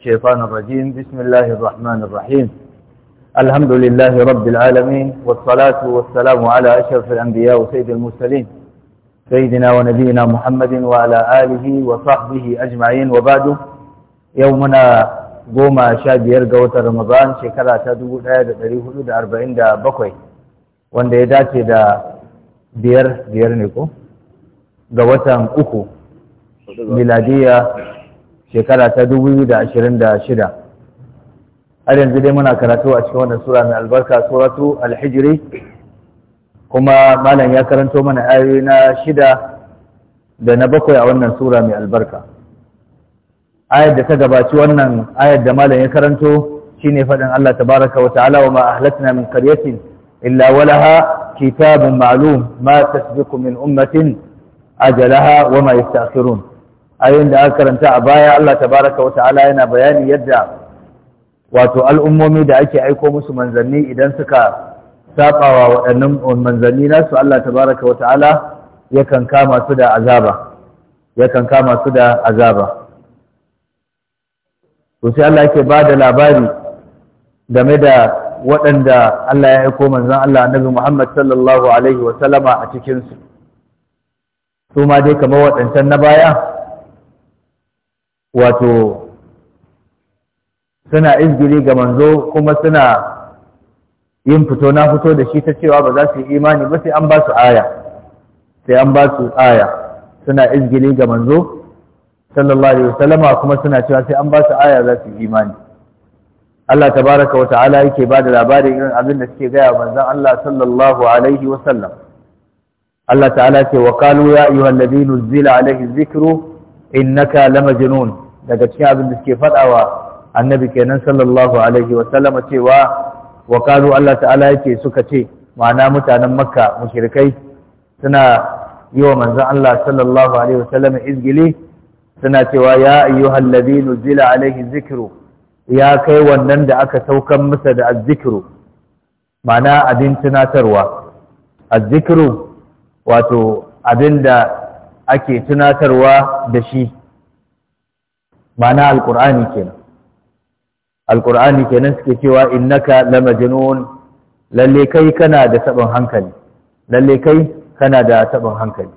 الشيطان الرجيم بسم الله الرحمن الرحيم الحمد لله رب العالمين والصلاة والسلام على أشرف الأنبياء وسيد المرسلين سيدنا ونبينا محمد وعلى آله وصحبه أجمعين وبعد يومنا قوم sha biyar رمضان شكرا تدو shekara تريه dubu أربعين دا ɗari وان دا arba'in دا bakwai wanda دا وطن أخو biyar shekara ta shida. har yanzu dai muna karatu a cikin wannan sura mai albarka suratu alhijiri kuma malam ya karanto mana ayoyi na shida da na bakwai a wannan sura mai albarka ayar da ta gabaci wannan ayar da malam ya karanto shine faɗin Allah tabaraka wa ta'ala wa ma ahlatna min qaryatin illa walaha kitabun ma'lum ma tasbiqu min ummatin ajalaha wa ma yasta'khirun ayin da aka karanta a baya Allah tabaraka wa ta'ala yana bayani yadda wato al'ummomi da ake aiko musu manzanni idan suka sabawa waɗannan manzanni nasu Allah tabaraka wa ta'ala yakan kama su da azaba yakan kama su da azaba to sai Allah yake ba da labari game da waɗanda Allah ya aiko manzan Allah annabi Muhammad sallallahu alaihi wa sallama a cikin su su ma dai kamar waɗancan na baya wato suna izgiri ga manzo kuma suna yin fito na fito da shi ta cewa ba za su yi imani ba sai an ba su aya sai an ba su aya suna izgiri ga manzo sallallahu alaihi wasallama kuma suna cewa sai an ba su aya za su yi imani Allah tabaraka wa ta'ala yake ba da labarin irin abin da suke gaya manzon Allah sallallahu alaihi wasallam Allah ta'ala ce wa qalu ya ayyuhal ladina zila alaihi dhikru innaka lamajnun daga cikin abin da suke fadawa annabi kenan sallallahu alaihi wa sallama cewa wa qalu Allah ta'ala yake suka ce ma'ana mutanen makka mushrikai suna yi wa manzon Allah sallallahu alaihi wa sallama izgili suna cewa ya ayyuhal ladhi nuzila alaihi dhikru ya kai wannan da aka saukan masa da azzikru ma'ana abin tunatarwa azzikru wato abin da ake tunatarwa da shi ma'ana alkur'ani kenan alkur'ani kenan suke cewa innaka lamajnun lalle kai kana da tabin hankali lalle kai kana da tabin hankali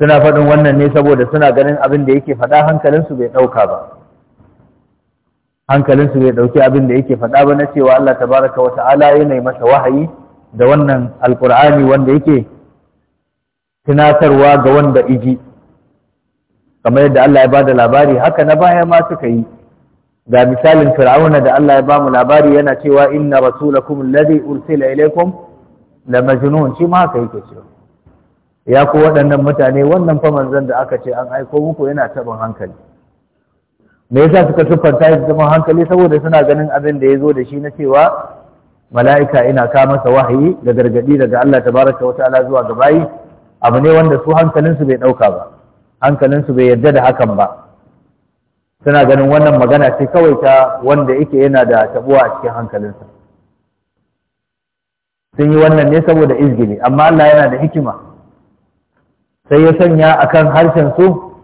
suna faɗin wannan ne saboda suna ganin abin da yake faɗa hankalinsu bai ɗauka ba hankalinsu bai ɗauki abin da yake faɗa ba na cewa Allah tabaraka wa ta'ala yana masa wahayi da wannan alkur'ani wanda yake tunatarwa ga wanda iji kamar yadda Allah ya ba da labari haka na baya ma suka yi ga misalin fir'auna da Allah ya ba mu labari yana cewa inna rasulakum alladhi ursila ilaykum la majnun shi ma haka yake cewa ya ku waɗannan mutane wannan fa manzon da aka ce an aiko muku yana taɓin hankali me yasa suka tuffanta shi zama hankali saboda suna ganin abin da ya zo da shi na cewa mala'ika ina ka masa wahayi da gargadi daga Allah tabaraka wa ta'ala zuwa ga bayi abu ne wanda su hankalinsu bai ɗauka ba hankalinsu bai yarda da hakan ba suna ganin wannan magana ce kawai ta wanda yake yana da tabuwa a cikin hankalinsa sun yi wannan ne saboda izgili amma Allah yana da hikima sai ya sanya akan harshen su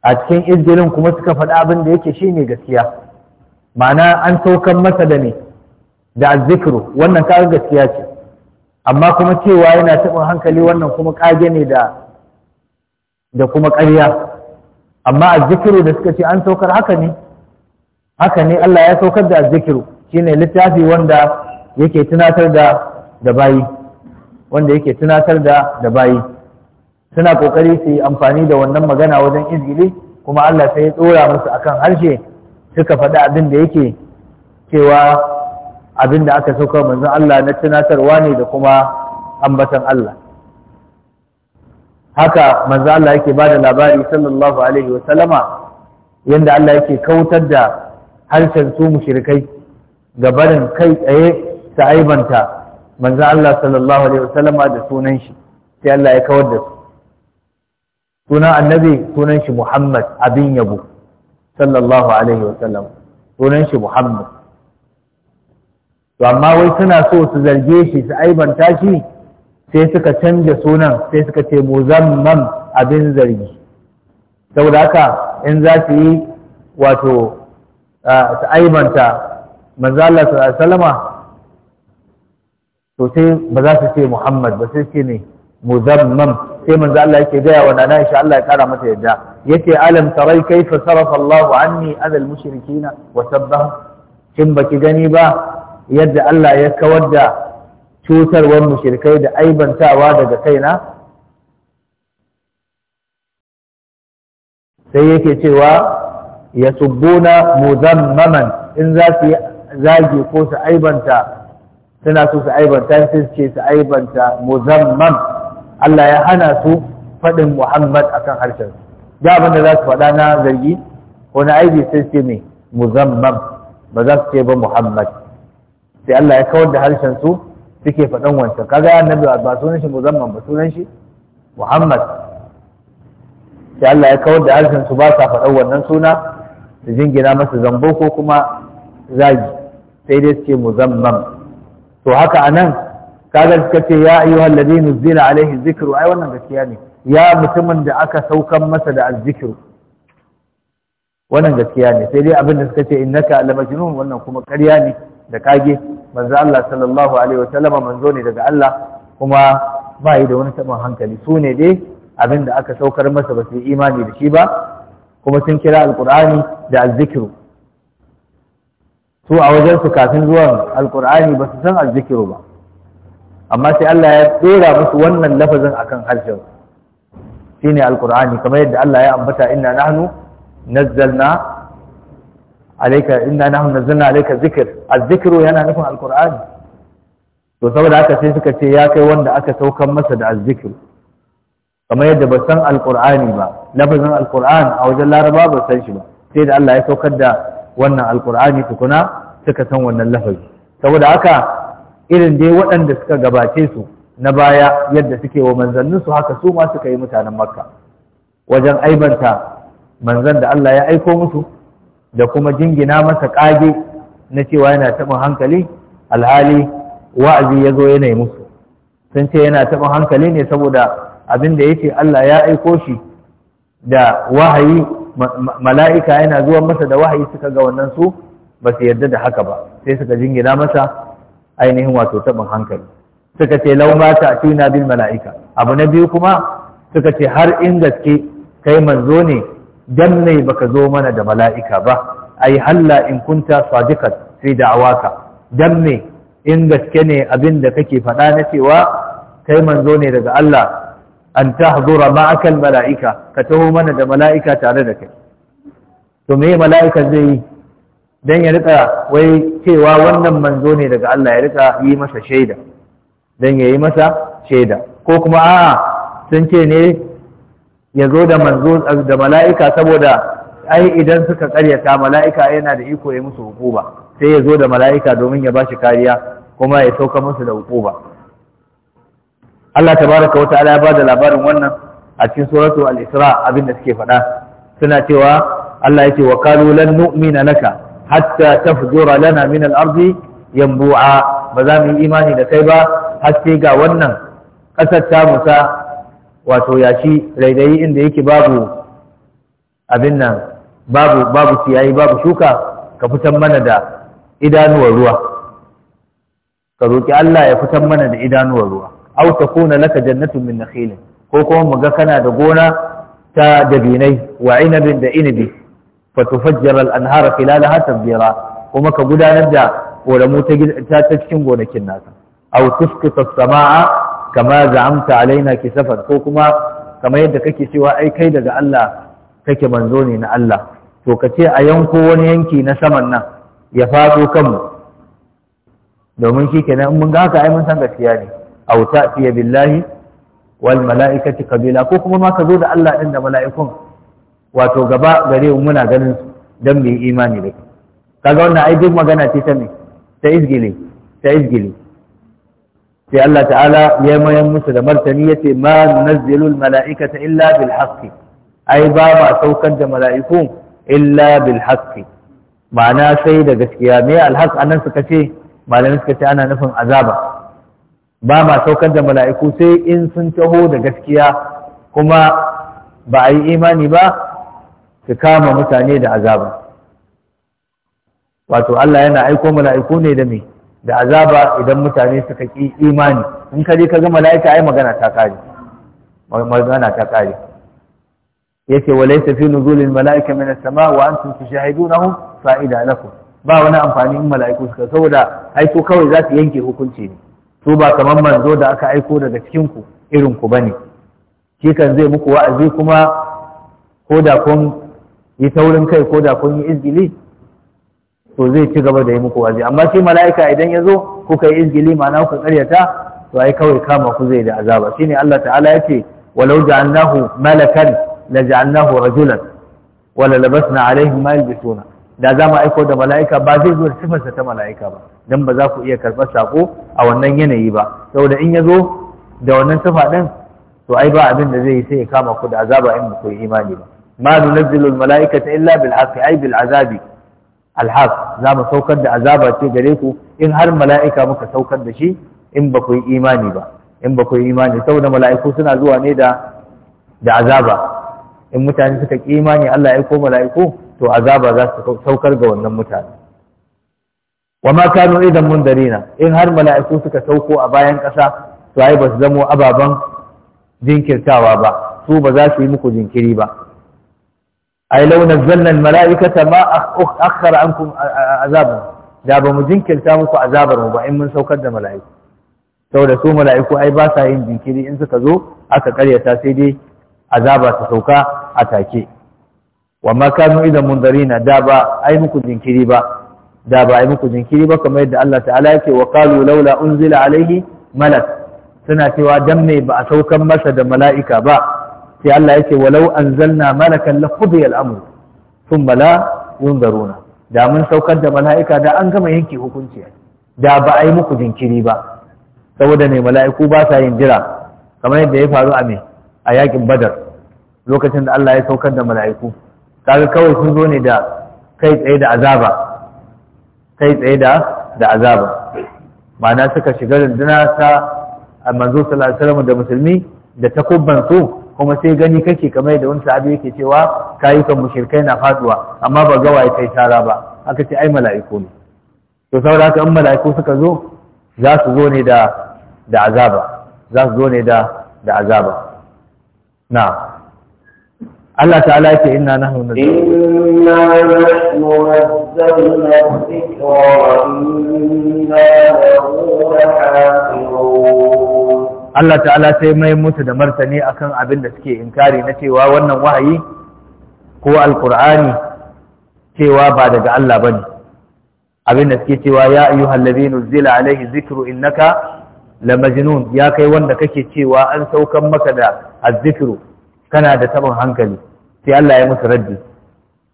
a cikin izgilin kuma suka faɗa abin da yake ne gaskiya ma'ana an saukan masa da ne da azzikru wannan kaga gaskiya ce amma kuma cewa yana taɓin hankali wannan kuma ƙage ne da kuma ƙarya amma azzikiru da suka ce an saukar haka ne haka ne Allah ya saukar da azzikiru shine littafi wanda yake tunatar da da bayi wanda yake tunatar da da bayi suna kokari su yi amfani da wannan magana wajen izgili kuma Allah sai ya tsora musu akan harshe suka faɗi abin da yake cewa Abin da aka sauka manzon Allah na tunatarwa ne da kuma ambatan Allah haka manzon Allah yake da labari sallallahu alaihi wa sallama yadda Allah yake kautar da harshen su mushrikai ga barin kai tsaye ta aibanta manzon Allah sallallahu alaihi wa sallama da sunan shi sai Allah ya kawar da su sunan annabi sunan shi Muhammad abin yabo sallallahu alaihi wa sallam sunan shi Muhammad to amma wai suna so su zarge shi su aibanta shi sai suka canja sunan sai suka ce muzamman abin zargi saboda haka in za su yi wato su aibanta Manzala su Salama, to sai ba za su ce Muhammad ba sai ce ne muzamman sai manzo Allah yake gaya wa nana insha Allah ya kara mata yadda yake alam tarai kaifa sarafa Allah anni ana al mushrikina wa sabbahu kin baki gani ba yadda Allah ya kawar da cutarwar mushirkai da aibantawa daga kaina sai yake cewa ya subbuna muzammaman in za su zage ko su aibanta suna su su aibanta su ce su aibanta muzammam Allah ya hana su faɗin Muhammad akan harshen da abin da za su faɗa na zargi ko na aibi sai su ce mai muzammam ba za su ce ba Muhammad sai Allah ya kawar da harshen su suke faɗan wancan kaga nabi ba sunan shi muzamman ba sunan shi Muhammad sai Allah ya kawar da harshen su ba sa faɗan wannan suna su jingina masa zambo ko kuma zagi sai dai suke muzamman to haka anan kaga suka ce ya ayyuhal ladina zina alaihi zikru ai wannan gaskiya ne ya mutumin da aka saukan masa da azzikiru wannan gaskiya ne sai dai abin da suka ce innaka lamajnun wannan kuma ƙarya ne da kage manzo Allah sallallahu alaihi wasallama manzo ne daga Allah kuma ba yi da wani taɓin hankali su ne dai abin da aka saukar masa ba su yi imani da shi ba kuma sun kira alkur'ani da alzikiru su a wajen su kafin zuwan alkur'ani ba su san alzikiru ba amma sai Allah ya tsera musu wannan lafazin akan harshen shine alkur'ani kamar yadda Allah ya ambata inna nahnu nazzalna alaika inna nahnu nazzalna alaika zikr az yana nufin alqur'ani to saboda haka sai suka ce ya kai wanda aka saukan masa da az-zikr kamar yadda ba san alqur'ani ba lafazin Alkur'ani a wajen laraba ba san shi ba sai da Allah ya saukar da wannan Alkur'ani tukuna suka san wannan lafazi saboda haka irin dai waɗanda suka gabace su na baya yadda suke wa su haka su ma suka yi mutanen makka wajen aibanta manzan da Allah ya aiko musu da kuma jingina masa ƙage na cewa yana taɓin hankali alhali wa'azi ya zo yanayi musu sun ce yana taɓin hankali ne saboda abin da ya ce Allah ya aiko shi da wahayi mala'ika yana zuwa masa da wahayi suka ga wannan su ba su yarda da haka ba sai suka jingina masa ainihin wato taɓin hankali suka ce launa ta tuna bil mala'ika abu na biyu kuma suka ce har in gaske kai manzo ne dan ne baka zo mana da mala'ika ba ai halla in kunta sadiqat fi da'awaka dan ne in gaske ne abin da kake faɗa na cewa kai manzo ne daga Allah an tahzura ma'aka mala'ika ka taho mana da mala'ika tare da kai to me mala'ika zai yi dan ya rika wai cewa wannan manzo ne daga Allah ya rika yi masa shaida dan ya yi masa shaida ko kuma a'a sun ce ne ya zo da manzo da mala'ika saboda ai idan suka karyata mala'ika yana da iko ya musu hukuba, sai ya zo da mala'ika domin ya ba shi kariya kuma ya sauka musu da hukuba. Allah tabaraka wa ta'ala ya da labarin wannan a cikin suratu al-Isra abin da suke faɗa suna cewa Allah yake wa kalu lan nu'mina laka hatta tafjura lana min al-ardi yanbu'a ba za mu yi imani da kai ba har sai ga wannan ƙasar ta musa wato yashi raidayi inda yake babu abin nan babu ciyayi babu shuka ka fitan mana da idanuwar ruwa ka roki Allah ya fitan mana da idanuwar ruwa aw takuna laka jannatun min nakhilin ko kuma muga kana da gona ta dabinai wa inabin da inabi fa tufajjira al-anhara khilalaha tabjira kuma ka gudanar da koramu ta ta cikin gonakin nasa aw tusqita as-samaa kama za'amta alaina kisafan ko kuma kamar yadda kake cewa ai kai daga Allah kake manzo ne na Allah to ka ce a yanko wani yanki na saman nan ya faɗo kanmu domin shi kenan in mun ga haka ai mun san gaskiya ne Auta ta'tiya billahi wal mala'ikati kabila ko kuma ma ka zo da Allah din da mala'ikun wato gaba gare mu muna ganin dan muyi imani da kaga wannan ai duk magana ce ta me ta izgili ta izgili sai Allah ta'ala ya mayan musu da martani yace ma nunazzilul mala'ikata illa bil haqqi ai ba ma saukar da mala'iku illa bil ma'ana sai da gaskiya me alhaq anan suka ce malamin suka ce ana nufin azaba ba ma saukar da mala'iku sai in sun taho da gaskiya kuma ba a yi imani ba su kama mutane da azaba wato Allah yana aiko mala'iku ne da me da azaba idan mutane suka ki imani in ka je ka ga mala'ika ai magana ta kare magana ta kare yace wa laysa fi nuzulil mala'ika min as-sama wa antum tushahidunahu fa'ida lakum ba wani amfani in mala'iku suka saboda aiko kawai za su yanke hukunci ne su ba kamar manzo da aka aiko daga cikin ku irin ku bane shi kan zai muku wa'azi kuma ko da kun yi taurin kai ko da kun yi izgili to zai ci gaba da yi muku wazi amma shi mala'ika idan ya zo kuka yi izgili ma'ana kuka karyata to ai kawai kama ku zai da azaba shine Allah ta'ala ya ce walau ja'alnahu malakan la ja'alnahu rajulan wala labasna alaihim ma yalbisuna da za mu aiko da mala'ika ba zai zo da sa ta mala'ika ba dan ba za ku iya karɓar sako a wannan yanayi ba saboda in ya zo da wannan sifa din to ai ba abin da zai yi sai ya kama ku da azaba in ba ku yi imani ba ma nunazzilu mala'ika mala'ikata illa bil haqqi ai bil azabi alhaq za mu saukar da azaba ce gare ku in har mala'ika muka saukar da shi in ba ku yi imani ba in ba ku yi imani saboda mala'iku suna zuwa ne da da azaba in mutane suka ki imani Allah ya ko mala'iku to azaba za su saukar ga wannan mutane wa ma kanu idan mundarina in har mala'iku suka sauko a bayan ƙasa to ai ba su zamo ababan jinkirtawa ba su ba za su yi muku jinkiri ba ai law nazzalna mala'ikata ma akhara ankum azaban da ba mu jinkirta muku azabar mu ba in mun saukar da mala'iku saboda su mala'iku ai ba sa yin jinkiri in suka zo aka karyata sai dai azaba ta sauka a take wa ma kanu idan mundarina da ba ai muku jinkiri ba da ba ai muku jinkiri ba kamar yadda Allah ta'ala yake wa qalu laula unzila alaihi malak suna cewa dan ba a saukan masa da mala'ika ba sai Allah yake walau anzalna malakan la qudiya al-amr thumma la yunzaruna da mun saukar da mala'ika da an gama yanke hukunci da ba a yi muku jinkiri ba saboda ne mala'iku ba sa yin jira kamar yadda ya faru a me a yakin badar lokacin da Allah ya saukar da mala'iku kaga kawai sun zo ne da kai tsaye da azaba kai tsaye da da azaba ma'ana suka shiga rundunar ta manzo sallallahu alaihi wasallam da musulmi da takubban su kuma sai gani kake kamar da wani sahabi yake cewa kayukan mushrikai na faduwa amma ba ga waye kai tara ba aka ce ai mala'iku ne to saboda haka in mala'iku suka zo za su zo ne da da azaba za su zo ne da da azaba na Allah ta'ala yake inna nahnu nazzalna dhikra wa inna lahu Allah ta'ala sai mai musu da martani akan abin da suke inkari na cewa wannan wahayi ko alkur'ani cewa ba daga Allah ba ne abin da suke cewa ya ayyu hallabi nuzila alaihi zikiru innaka la majnun ya kai wanda kake cewa an saukan maka da azikiru. kana da tabin hankali sai Allah ya musu raddi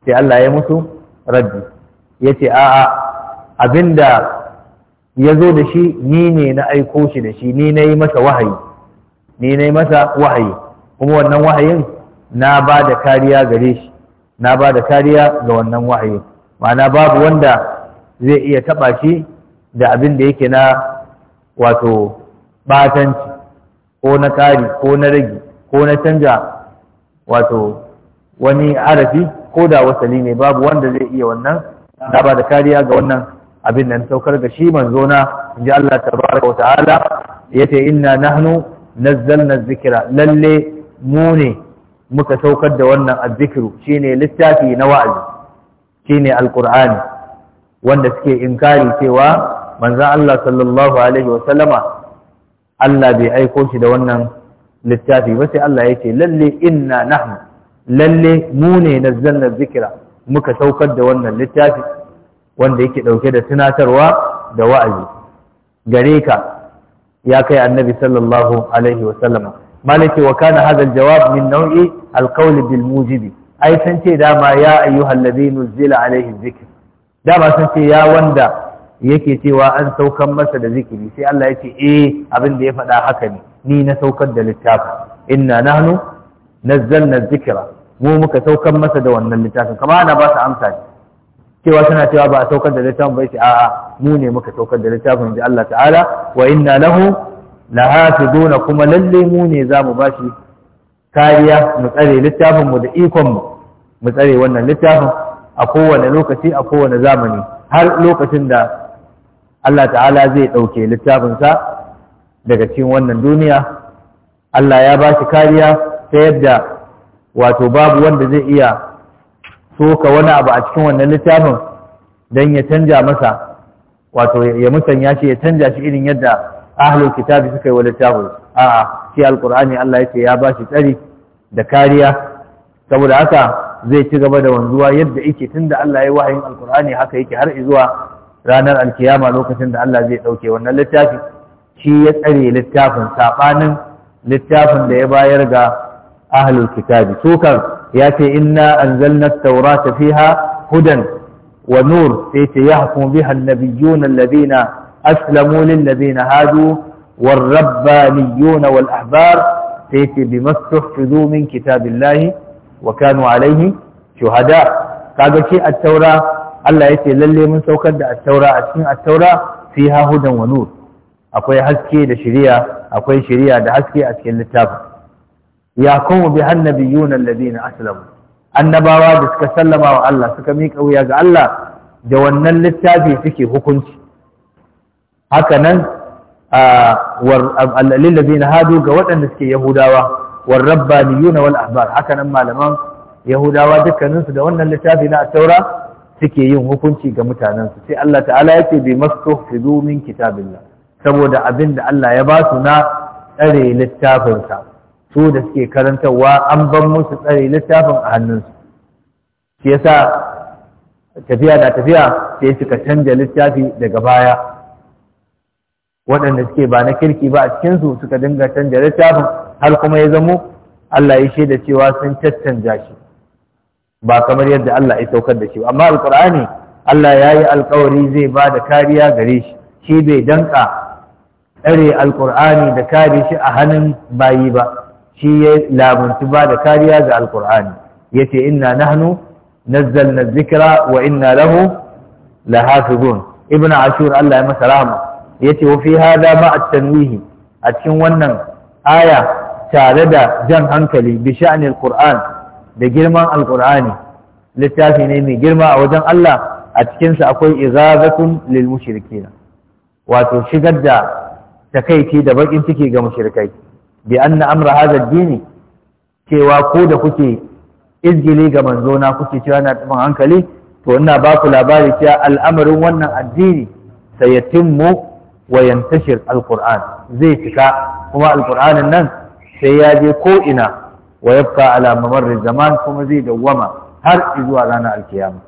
sai Allah ya musu raddi yace a'a abinda ya zo da shi ni ne na aiko shi da shi ni na yi masa wahayi ni na yi masa wahayi kuma wannan wahayin na ba da kariya gare shi na ba da kariya ga wannan wahayi ma'ana babu wanda zai iya taɓa shi da abin da yake na wato batanci ko na ƙari ko na rage ko na canja wato wani harafi ko da wasali ne babu wanda zai iya wannan na ba da kariya ga wannan abin nan saukar da shi manzo na inji Allah tabaraka wa ta'ala yace inna nahnu nazzalna dhikra lalle mu ne muka saukar da wannan azzikiru shine littafi na wa'azi shine alqur'ani wanda suke inkari cewa manzo Allah sallallahu alaihi wa sallama Allah bai aiko shi da wannan littafi ba sai Allah yace lalle inna nahnu lalle mu ne nazzalna dhikra muka saukar da wannan littafi wanda yake ɗauke da tunatarwa da wa'azi gare ka ya kai annabi sallallahu alaihi wasallama malaki wa kana hadha aljawab min nau'i alqawl bil mujibi ai san ce dama ya ayyuhal ladina nuzila alaihi dhikr dama san ce ya wanda yake cewa an saukan masa da zikiri sai Allah yake eh abin da ya faɗa haka ne ni na saukar da littafin inna nahnu nazzalna dhikra mu muka saukan masa da wannan littafin kama ana ba su amsa ne cewa suna cewa ba a saukar da littafin ba yace a'a mu ne muka saukar da littafin ji Allah ta'ala wa inna lahu lahafizuna kuma lalle mu ne za mu bashi kariya mu tsare littafin mu da ikon mu mu tsare wannan littafin a kowane lokaci a kowane zamani har lokacin da Allah ta'ala zai ɗauke sa daga cikin wannan duniya Allah ya bashi kariya ta yadda wato babu wanda zai iya soka wani abu a cikin wannan littafin don ya canja masa wato ya musanya shi ya canja shi irin yadda ahlul kitabi suka yi wa littafin a'a shi alkur'ani Allah yake ya ba shi tsari da kariya saboda haka zai ci gaba da wanzuwa yadda yake tunda Allah ya wahayin alkurani haka yake har zuwa ranar alkiyama lokacin da Allah zai ɗauke wannan littafi shi ya tsare littafin saɓanin littafin da ya bayar ga ahlul kitabi sokar ya ce inna anzalna taurata fiha hudan wa nur sai ce yahkum biha an alladhina aslamu lil ladina hadu war rabbaniyun wal ahbar sai ce bima tuhfizu min kitabillahi wa kanu alayhi shuhada kaga shi at-taura Allah ce lalle mun saukar da at-taura a cikin at-taura fiha hudan wa nur akwai haske da shiriya akwai shiriya da haske a cikin littafin yaqumu biha annabiyuna alladhina aslamu annabawa da suka sallama wa Allah suka miƙa wuya ga Allah da wannan littafi suke hukunci haka nan lillazina hadu ga waɗanda suke yahudawa war rabbaniyuna wal ahbar haka nan malaman yahudawa dukkaninsu da wannan littafi na taura suke yin hukunci ga mutanensu sai Allah ta'ala yake bi mastuhfizu min kitabillah saboda abin da Allah ya ba su na tsare littafinsa su da suke karantarwa an ban musu tsare littafin a hannunsu shi yasa tafiya da tafiya sai suka canja littafi daga baya waɗanda suke ba na kirki ba a cikinsu suka dinga canja littafin har kuma ya zamo Allah ya shaida cewa sun caccanja shi ba kamar yadda Allah ya saukar da shi amma alkur'ani Allah ya yi alkawari zai ba da kariya gare shi shi bai danka tsare alkur'ani da kare shi a hannun bayi ba shi ya lamunci ba da kariya ga alkur'ani yace inna nahnu na zikira wa inna lahu lahafizun ibnu ashur Allah ya masa rahama yace wa fi hada ma at-tanwihi a cikin wannan aya tare da jan hankali bi sha'anil da girman alkur'ani littafi ne mai girma a wajen Allah a cikinsa akwai izazatun lil mushrikina wato shigar da takaici da bakin ciki ga mushrikai bi anna amra hadha dini cewa ko da kuke izgili ga manzona kuke cewa na tafin hankali to ina baku ku labari cewa al'amarin wannan addini sayatimmu wa yantashir alquran zai cika kuma alquranin nan sai ya je ko ina wa yabqa ala kuma zai dawwama har zuwa ranar alkiyama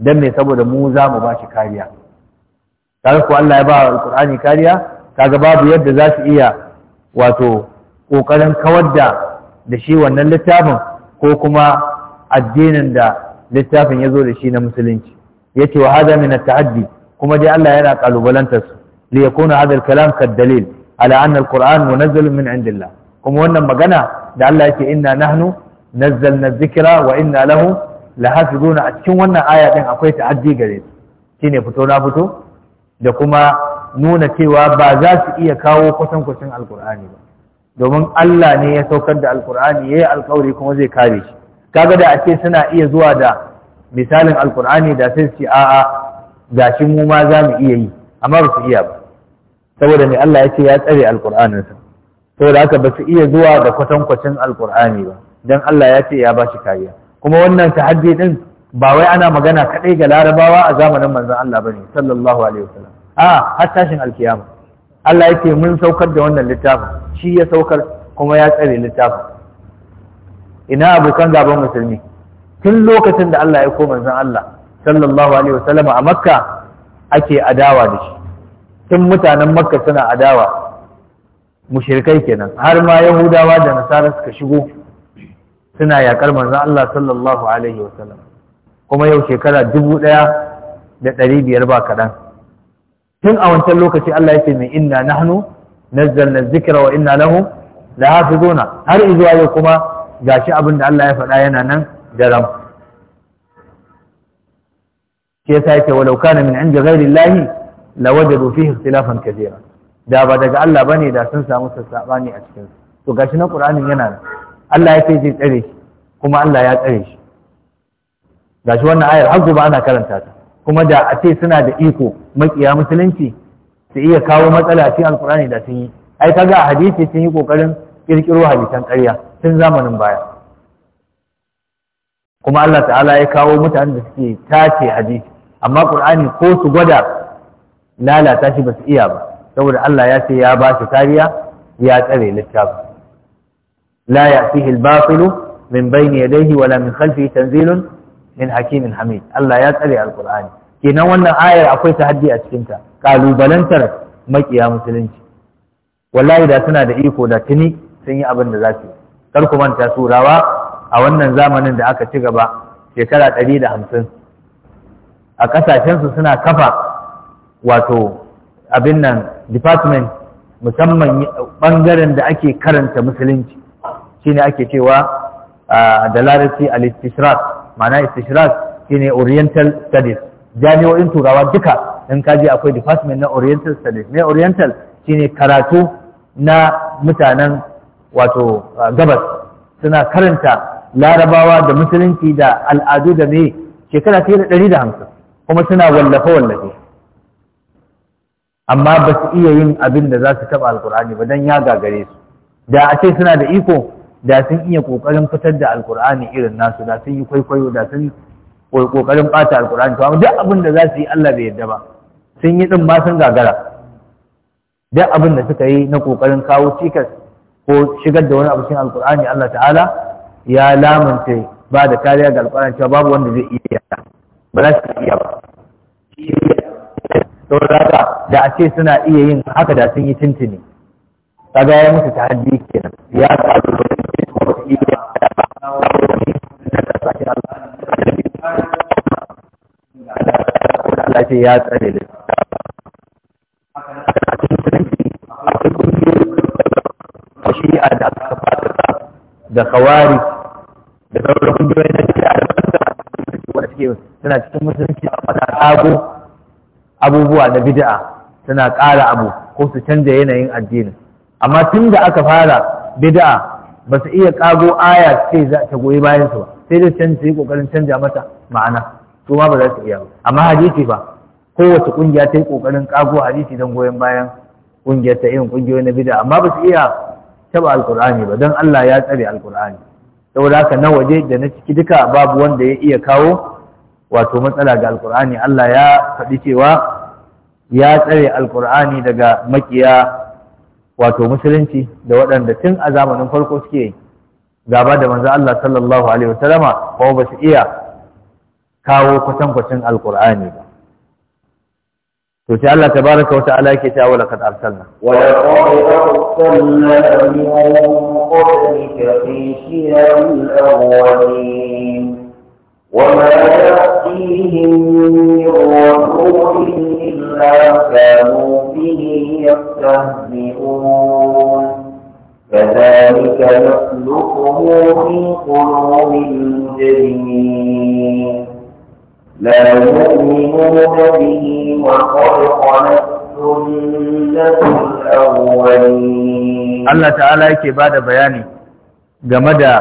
dan me saboda mu za mu ba shi kariya kaga ko Allah ya ba Al'kur'ani kariya kaga babu yadda za su iya wato ƙoƙarin kawar da da shi wannan littafin ko kuma addinin da littafin ya zo da shi na musulunci ya ce wa hada min ta'addi kuma dai Allah yana kalubalantar su li yakuna hada kalam ka dalil ala anna alquran munazzal min indillah kuma wannan magana da Allah yake inna nahnu nazzalna dhikra wa inna lahu lahafizuna a cikin wannan aya din akwai ta'addi gare su shine fito na fito da kuma nuna cewa ba za su iya kawo kwatankwacin alkur'ani ba domin Allah ne ya saukar da alkur'ani yayi alkawari kuma zai kare shi kaga da ake suna iya zuwa da misalin alkur'ani da sai su a'a gashi mu ma za mu iya yi amma ba su iya ba saboda mai Allah ya ce ya tsare alkur'aninsa saboda haka ba su iya zuwa da kwatankwacin alkur'ani ba dan Allah ya ce ya ba shi kariya kuma wannan tahaddi din ba wai ana magana kadai ga larabawa a zamanin manzon Allah bane sallallahu alaihi wasallam a har tashin alkiyama Allah yake mun saukar da wannan littafin shi ya saukar kuma ya tsare littafin ina abokan gaban musulmi tun lokacin da Allah ya koma zan Allah sallallahu alaihi wasallam a Makka ake adawa da shi tun mutanen Makka suna adawa mushrikai kenan har ma Yahudawa da Nasara suka shigo suna yakar manzon Allah sallallahu alaihi wasallam kuma yau shekara dubu ɗaya da ɗari biyar ba kaɗan tun a wancan lokaci Allah ya ce mai inna nahnu nazzalna dhikra wa inna lahu lahafizuna har izuwa yau kuma gashi abin da Allah ya faɗa yana nan daram shi yasa yake walau kana min inda ghairi llahi lawajadu fihi ikhtilafan kathira da ba daga Allah bane da sun samu sassabani a cikin to gashi na Qur'anin yana nan Allah ya ce zai tsare shi kuma Allah ya tsare shi gashi wannan ayar har gobe ana karanta ta kuma da a ce suna da iko makiya musulunci su iya kawo matsala a cikin alkur'ani da sun yi ai kaga a hadisi sun yi kokarin kirkiro hadisan ƙarya tun zamanin baya kuma Allah ta'ala ya kawo mutanen da suke tace hadisi amma qur'ani ko su gwada lalata shi ba su iya ba saboda Allah ya ce ya ba shi kariya ya tsare littafin la ya'tihi al-batil min bayni yadayhi wala min khalfihi tanzilun min hakimin hamid Allah ya tsare alqur'ani kenan wannan ayar akwai tahaddi a cikin ta kalubalantar makiya musulunci wallahi da suna da iko da tuni sun yi abin da zasu kar ku manta surawa a wannan zamanin da aka ci gaba shekara ɗari da hamsin a su suna kafa wato abin nan department musamman Bangaren da ake karanta musulunci shine ake cewa ah, a larabci al-istishraq ma'ana istishraq shine oriental studies jami'o'in turawa duka in je akwai department na oriental studies ne oriental shine karatu na mutanen wato uh, gabas suna karanta larabawa da musulunci da al'adu da me shekara fiye da ɗari da hamsin kuma suna wallafe-wallafe amma ba su iya yin abin da za su taɓa alkur'ani ba don ya gagare su da a ce suna da iko da sun iya kokarin fitar da alkur'ani irin nasu da sun yi kwaikwayo da sun kokarin bata alkur'ani to amma duk abin da za su yi Allah bai yarda ba sun yi din ba sun gagara duk abin da suka yi na kokarin kawo cikas ko shigar da wani abu cikin alkur'ani Allah ta'ala ya lamunce ba da kariya ga alkur'ani cewa babu wanda zai iya ba za su iya ba to da a ce suna iya yin haka da sun yi tintini kaga ya musu tahaddi kenan ya faru da cikin wani da ba na kasashe Allah ya tsare da da aka fata da da sauran da suke wanda suke suna cikin musulunci a fata abubuwa na bid'a suna ƙara abu ko su canza yanayin addinin amma tun da aka fara bida'a, ba su iya kago aya ce za ta goyi bayan su ba sai dai can su yi kokarin canja mata ma'ana su ma ba za su iya ba amma hadisi ba kowace kungiya ta yi kokarin kago hadisi don goyon bayan kungiyar ta irin kungiyoyi na bid'a amma ba su iya taba alkur'ani ba don Allah ya tsare alkur'ani saboda haka na waje da na ciki duka babu wanda ya iya kawo wato matsala ga alkur'ani Allah ya faɗi cewa ya tsare alkur'ani daga makiya wato musulunci da waɗanda tun a zamanin farko suke gaba da manzo Allah sallallahu alaihi wasallama ko ba su iya kawo kwatankwacin alqur'ani ba to sai Allah tabaraka wa ta'ala yake cewa wala kad arsalna wa la arsalna min qablika fi shiyamil awwalin wa ma ya'tihim min كانوا به يستهزئون كذلك في قلوب المجرمين لا يؤمنون به وقد خلت Allah ta'ala yake ba da bayani game da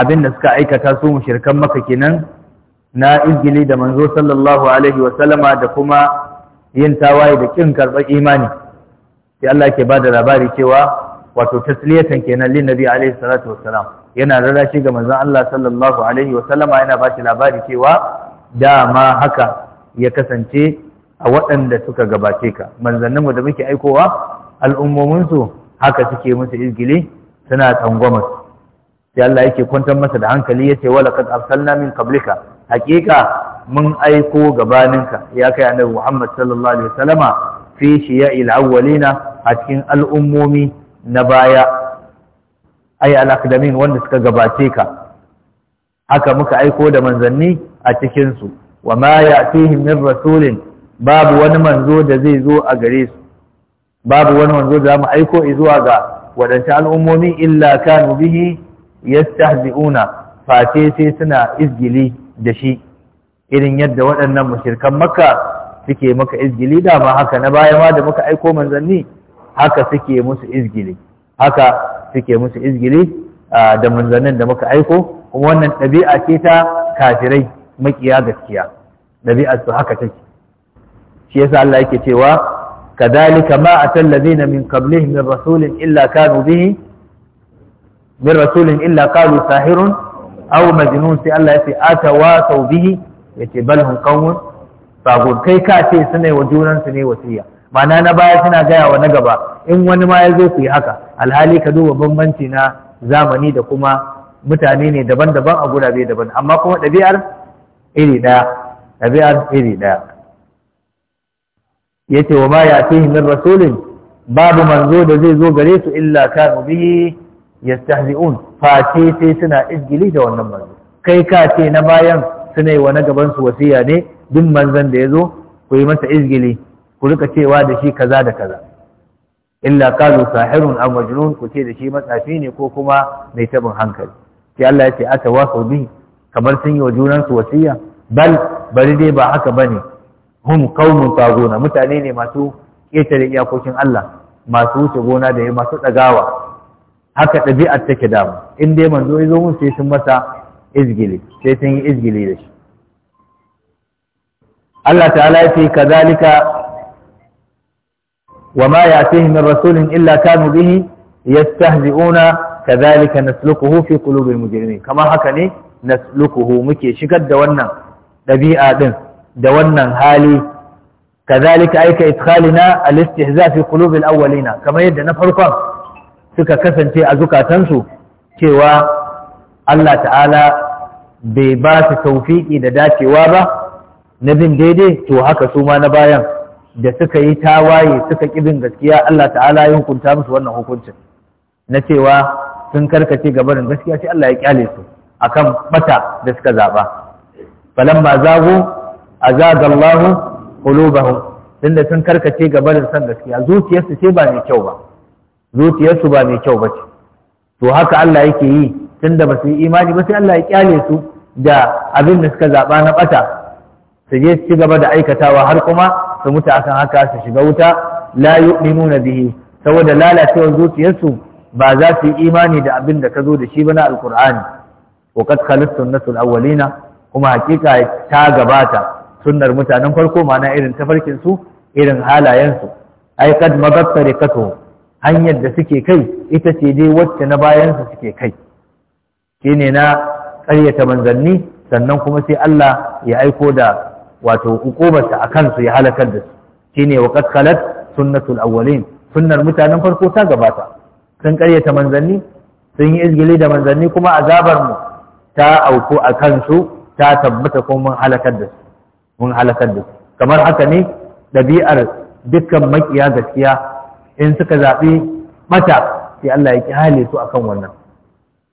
abin da suka aikata su mushirkan maka kenan na izgili da manzo sallallahu Alaihi wasallama da kuma yin tawaye da kin karɓar imani sai Allah ke bada labari cewa wato tasliyatan kenan lin nabi alaihi salatu wassalam yana shi ga manzon Allah sallallahu alaihi wa sallama, yana ba shi labari cewa dama haka ya kasance a waɗanda suka gabace ka mu da muke aikowa al'ummominsu haka suke musu izgili suna tsangwama sai Allah yake kwantar masa da hankali ya ce arsalna min qablika hakika mun aiko gabaninka ya kai annabi Muhammad sallallahu alaihi wasallama fi shiya'il awwalina a cikin al'ummomi na baya ay al-aqdamin wanda suka gabace ka haka muka aiko da manzanni a cikin su wa ma ya'tihim min rasulin babu wani manzo da zai zo a gare su babu wani manzo da mu aiko zuwa ga wadancan al'ummomi illa kanu bihi yastahzi'una fate sai suna izgili da shi irin yadda waɗannan mushirkan makka suke maka izgili da ma haka na baya ma da muka aiko manzanni haka suke musu izgili haka suke musu izgili da manzannin da muka aiko kuma wannan ɗabi'a ce ta kafirai makiya gaskiya ɗabi'a su haka take shi yasa Allah yake cewa كذلك ma atal ladina min qablihim min rasulin illa kanu bihi min rasulin illa qalu sahirun aw majnun sai Allah ya ce atawasau bihi yace bal hum qawmun fagun kai ka ce suna wa junan su ne wasiya ma'ana na baya suna gaya wa na gaba in wani ma ya zo ku yi haka alhali ka duba bambanci na zamani da kuma mutane ne daban-daban a gurabe daban amma kuma ɗabi'ar iri ɗaya ɗabi'ar iri ɗaya yace wa ma ya fihi min rasulin babu manzo da zai zo gare su illa kanu bihi yastahzi'un face sai suna izgili da wannan manzo kai ka ce na bayan suna yi wa na gaban su wasiya ne duk manzon da ya zo ku yi masa izgili ku rika cewa da shi kaza da kaza illa qalu sahirun aw majnun ku ce da shi matsafi ne ko kuma mai tabin hankali sai Allah ya ce wasu bi kamar sun yi wa junan su wasiya bal bari dai ba haka bane hum qaumun taguna mutane ne masu ƙetare iyakokin Allah masu wuce gona da masu tsagawa haka ɗabi'ar take dama in dai manzo ya zo mun sai sun masa izgili sai sun yi izgili da shi Allah ta'ala ya ce kazalika wa ma ya'tihi min rasulin illa kanu bihi yastahzi'una kazalika nasluquhu fi qulubil mujrimin kamar haka ne nasluquhu muke shigar da wannan ɗabi'a din da wannan hali kazalika aika idkhalina al-istihza fi qulubil awwalina kamar yadda na farkon suka kasance a zukatansu cewa Allah ta'ala bai ba su taufiki da dacewa ba na bin daidai to haka su ma na bayan da suka yi tawaye suka ƙibin gaskiya Allah ta'ala ya hukunta musu wannan hukuncin na cewa sun karkace gabarin gaskiya sai Allah ya kyale su akan bata da suka zaba falamma zagu azagallahu Allahu qulubahum tunda sun karkace gabarin san gaskiya zuciyarsu ce ba mai kyau ba zuciyarsu ba mai kyau ba ce. to haka Allah yake yi tunda ba su yi imani ba sai Allah ya kyale su da abin da suka zaɓa na ɓata su je su ci gaba da aikatawa har kuma su mutu akan haka su shiga wuta la nuna bihi saboda lalacewar zuciyarsu ba za su yi imani da abin da ka zo da shi ba na alkur'ani wa kad khalat sunnatul awwalina kuma hakika ta gabata sunnar mutanen farko na irin tafarkinsu, irin halayen su ai kad madat hanyar da suke kai ita ce dai wacce na bayansu suke kai shine na ƙaryata manzanni sannan kuma sai Allah ya aiko da wato hukumarsa a kansu ya halakar da su shine wa qad khalat sunnatul awwalin sunnar mutanen farko ta gabata sun ƙaryata manzanni sun yi izgili da manzanni kuma azabar mu ta auku a kansu ta tabbata kuma mun halakar da su mun halakar da su kamar haka ne ɗabi'ar dukkan makiya gaskiya in suka zaɓi mata sai Allah ya kyale su akan wannan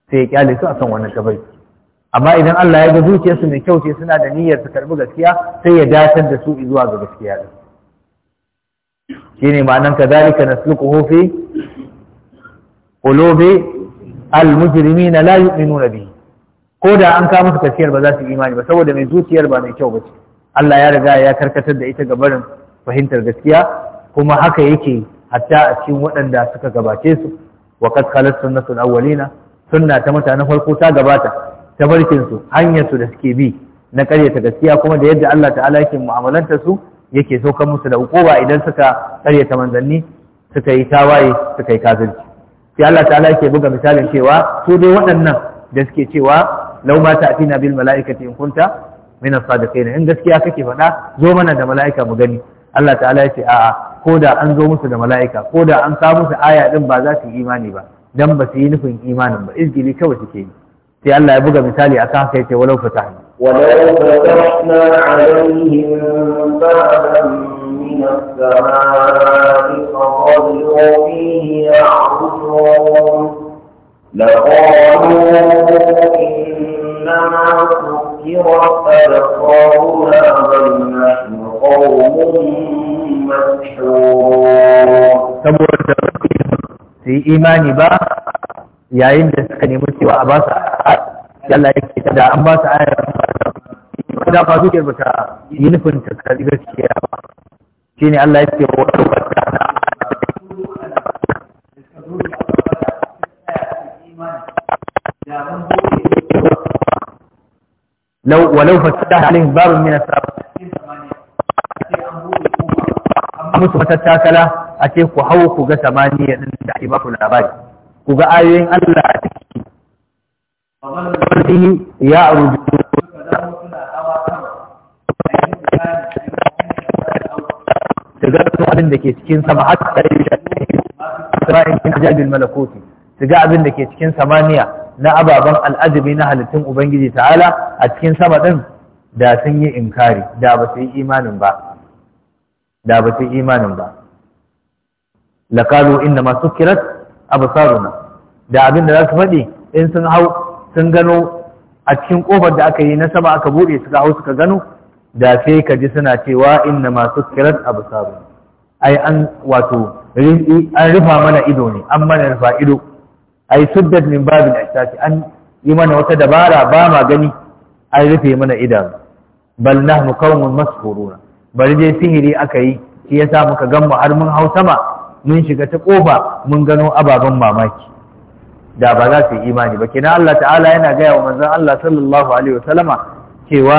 sai ya kyale su akan wannan gabai amma idan Allah ya ga zuciyarsu mai kyau ce suna da niyyar su karbi gaskiya sai ya datar da su zuwa ga gaskiya din shine ma'anan kadhalika nasluquhu fi qulubi al-mujrimina la yu'minuna bihi ko da an kawo musu tafiyar ba za su imani ba saboda mai zuciyar ba mai kyau ba ce Allah ya riga ya karkatar da ita ga barin fahimtar gaskiya kuma haka yake hatta a cikin waɗanda suka gabace su wa kad khalat sun awwalina sunna ta mutanen farko ta gabata ta barkin su hanyar su da suke bi na karyata gaskiya kuma da yadda Allah ta'ala yake mu'amalanta su yake saukar musu da hukuma idan suka ta manzanni suka yi tawaye suka yi kafirci sai Allah ta'ala yake buga misalin cewa su dai waɗannan da suke cewa law ma ta'tina bil mala'ikati in kunta min as-sadiqin in gaskiya kake faɗa zo mana da mala'ika mu gani Allah ta'ala ya ce a'a ko da an zo musu da mala'ika ko da an samu musu aya din ba za su yi imani ba dan ba su yi nufin imanin ba izgili kawai suke yi sai Allah ya buga misali a haka yace walau fatahna walau fata alaihim baban min as-samaa'i faqadu لقالوا إنما سكرت أبصارنا بل نحن saboda su yi imani ba yayin da suka nemi cewa a ba su Allah ke da an ba su ayar da ba su ke ba ta yi nufin ta karbi gaskiya ba shi ne Allah ba wa wata لو ولو فتح عليهم باب من السابق musu wata takala a ce ku hau ku ga samaniya din da ake baku labari ku ga ayoyin Allah a ciki ya arudu da ga abin da ke cikin sama har da Isra'ilin ajabil malakuti su ga abin da ke cikin samaniya na ababen al'ajabi na halittun Ubangiji ta'ala a cikin sama ɗin da sun yi inkari da ba su yi imanin ba da ba su imanin ba lakalu inna ma sukirat absaruna da abin da za su faɗi in sun hau sun gano a cikin kofar da aka yi na sama aka buɗe suka hau suka gano da sai ka ji suna cewa inna ma sukirat absaruna ai an wato an rufa mana ido ne an mana rufa ido ai suddat min babin ihsasi an yi mana wata dabara ba ma gani an rufe mana idanu bal nahnu qaumun masfuruna bari dai sihiri aka yi shi yasa muka gan mu har mun hau sama mun shiga ta ƙofa mun gano ababen mamaki da ba za su yi imani ba kenan Allah ta'ala yana gaya wa manzon Allah sallallahu alaihi sallama cewa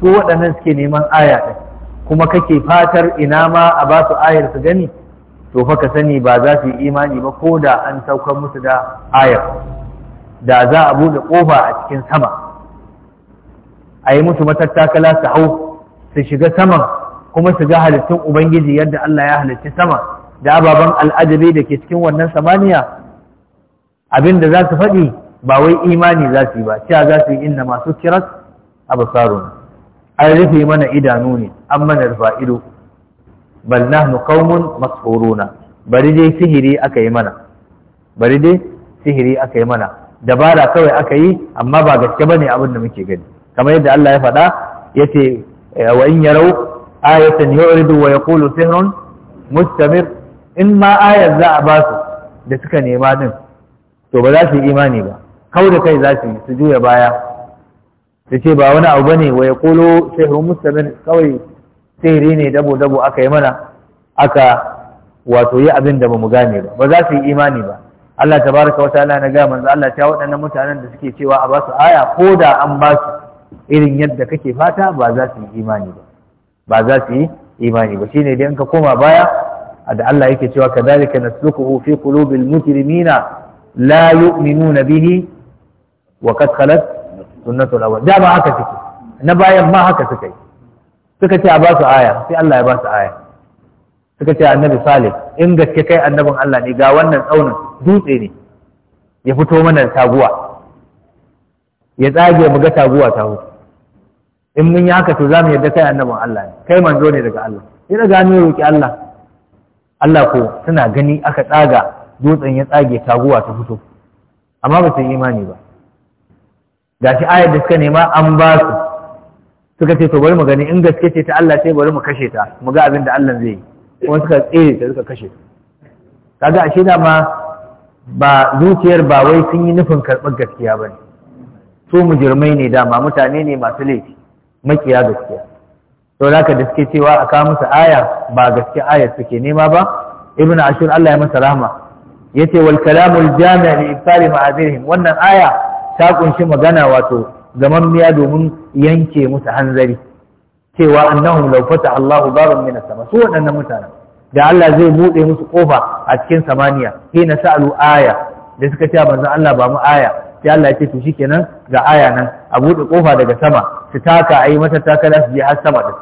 su waɗannan suke neman aya ɗin kuma kake fatar ina ma a ba su ayar su gani to fa ka sani ba za su yi imani ba ko da an saukar musu da ayar da za a buɗe ƙofa a cikin sama a yi musu matattakala su hau su shiga saman kuma su ga halittun ubangiji yadda Allah ya halitti sama da ababen al'ajabi da ke cikin wannan samaniya abin da za su faɗi ba wai imani za su yi ba cewa za su yi inna masu kiras basaro an rufe mana idanu ne an mana rufa ido bal nahnu qaumun na. bari dai sihiri aka yi mana bari dai sihiri aka yi mana dabara kawai aka yi amma ba gaske ba ne abin da muke gani kamar yadda Allah ya faɗa yace وإن يروا آية يعرض ويقول سهر مستمر in ma ayar za a ba da suka nema din to ba za su yi imani ba kau da kai za su yi su juya baya su ce ba wani abu bane wa ya kolo shehun mustamin kawai sihiri ne dabo dabo aka yi mana aka wato yi abin da bamu gane ba ba za su yi imani ba Allah tabaraka wa ta'ala na ga manzo Allah ta waɗannan mutanen da suke cewa a ba su aya ko da an ba su irin yadda kake fata ba za su yi imani ba ba za su yi imani ba shine idan ka koma baya da Allah yake cewa kadhalika nasluquhu fi qulubil mujrimina la yu'minuna bihi wa qad khalat sunnatul awwal da ba haka take na bayan ma haka suka yi suka ce a ba su aya sai Allah ya ba su aya suka ce annabi salih in gaske kai annabin Allah ne ga wannan tsaunin dutse ne ya fito mana taguwa ya tsage mu ga taguwa ta hutu in mun yi haka to za mu yarda kai annabin Allah ne kai manzo ne daga Allah ya daga hannu roki Allah Allah ko suna gani aka tsaga dutsen ya tsage taguwa ta fito amma ba su yi imani ba Ga shi ayar da suka nema an ba su suka ce to bari mu gani in gaske ce ta Allah sai bari mu kashe ta mu ga abin da Allah zai yi kuma suka tsere ta suka kashe kaga ashe ma ba zuciyar ba wai sun yi nufin karɓar gaskiya ba ne su mujirmai ne dama mutane ne masu laifi makiya gaskiya to haka da suke cewa a kawo musu aya ba gaske aya suke nema ba Ibn ashur Allah ya masa rahma yace wal kalamul jami'a li ibtali ma'azirihim wannan aya ta kunshi magana wato zaman miya domin yanke musu hanzari cewa annahum law fata Allah baban min sama su wadannan mutanen da Allah zai buɗe musu kofa a cikin samaniya hina sa'alu aya da suka ce manzon Allah ba mu aya sai Allah ya ce to shikenan ga aya nan a buɗe kofa daga sama su taka a yi mata takala su je har sama da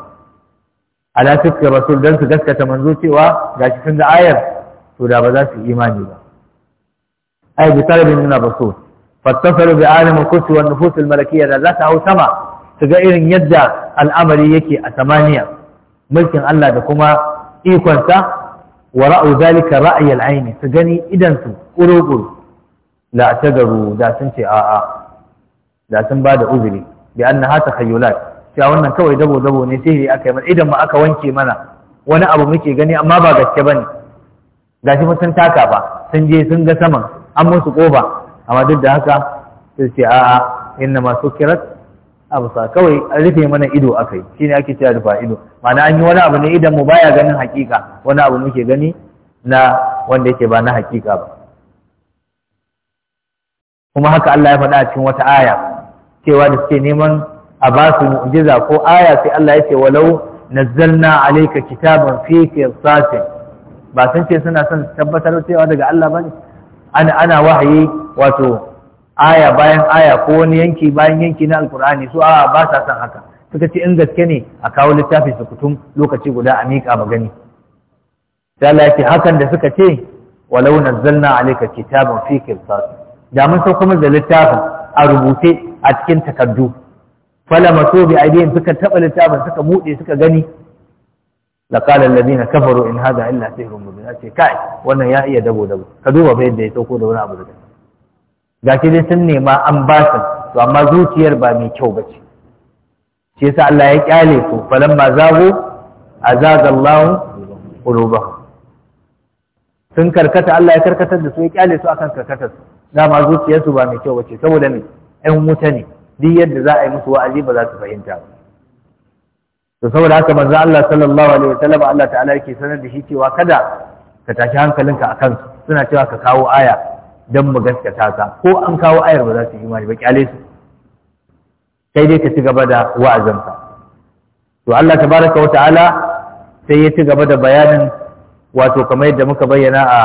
ala sifkin rasul don su gaskata manzo cewa gashi sun ga ayar to da ba za su imani ba ai bi talabin min rasul fattasalu bi alim al-kursi wan nufus da za ta hau sama su ga irin yadda al'amari yake a samaniya mulkin Allah da kuma ikonsa wa ra'u zalika ra'ayi al-aini su gani idan su kuro la tagaru da sun ce a'a da sun ba da uzuri bi anna hata khayulat cewa wannan kawai dabo dabo ne sai aka yi mana idan ma aka wanke mana wani abu muke gani amma ba gaske bane da shi sun taka ba sun je sun ga saman an musu koba amma duk da haka sai ce a'a inna ma sukirat sa kawai an rufe mana ido akai shine ake cewa rufa ido ma'ana an yi wani abu ne idan mu baya ganin hakika wani abu muke gani na wanda yake ba na hakika ba kuma haka Allah ya faɗa a cikin wata aya cewa da suke neman a ba su mu'jiza ko aya sai Allah ya ce walau nazzalna alayka kitaban fi qirtasin ba sun ce suna son tabbatar cewa daga Allah bane ana ana wahayi wato aya bayan aya ko wani yanki bayan yanki na alkur'ani su a ba sa son haka suka ce in gaske ne a kawo littafi su kutum lokaci guda a miƙa magani sai Allah ya ce hakan da suka ce walau nazzalna alayka kitaban fi qirtasin da mun sauko musu da littafin a rubuce a cikin takardu fala so bi aidiyin suka taɓa littafin suka buɗe suka gani la qala alladhina kafaru in hadha illa sihrun mubin ce kai wannan ya iya dabo dabo ka duba bai yadda ya sauko da wani abu daga shi dai sun nema an ba su to amma zuciyar ba mai kyau bace shi yasa Allah ya kyale su falamma zago azaga Allah qulubahum sun karkata Allah ya karkatar da su ya kyale su akan karkatar su dama zuciyarsu ba mai kyau ba ce, saboda me ɗan wuta ne duk yadda za a yi musu wa'azi ba za su fahimta ba to saboda haka manzo Allah sallallahu alaihi wasallam Allah ta'ala yake sanar da shi cewa kada ka tashi hankalinka akan su suna cewa ka kawo aya dan mu gaskata ka ko an kawo ayar ba za su yi imani ba kyale su kai dai ka ci gaba da wa'azinka to Allah tabaraka wa ta'ala sai ya ci gaba da bayanin wato kamar yadda muka bayyana a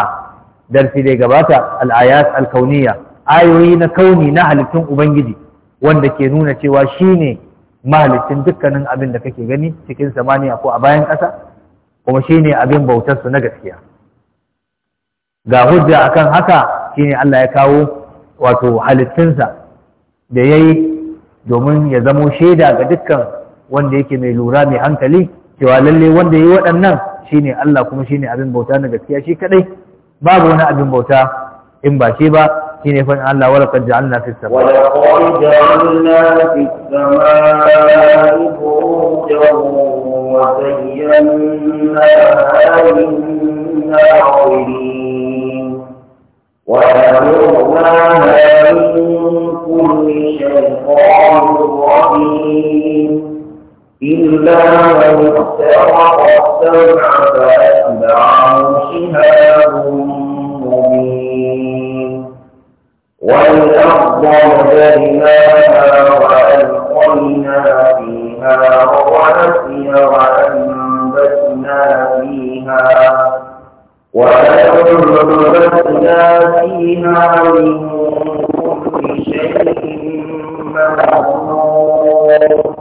darsi dai gabata al alkauniya, ayoyi na kauni na halittun ubangiji wanda ke nuna cewa shine mahalicin dukkanin abin da kake gani cikin samaniya ko a bayan ƙasa kuma ne abin bautar su na gaskiya ga hujja akan haka ne Allah ya kawo wato halittunsa da yayi domin ya zamo shaida ga dukkan wanda yake mai lura mai hankali cewa lalle wanda ya yi waɗannan shine Allah kuma shine abin bauta na gaskiya shi kadai babu wani abin bauta in ba shi ba shine fa Allah wala qad ja'alna fis samaa'i wala qad ja'alna fis samaa'i burujan wa zayyanaha إلا من افترق السمع فأتبعه شهاب مبين والأرض مددناها وألقينا فيها رواسي وأنبتنا فيها وأنبتنا فيها من كل شيء مخلوق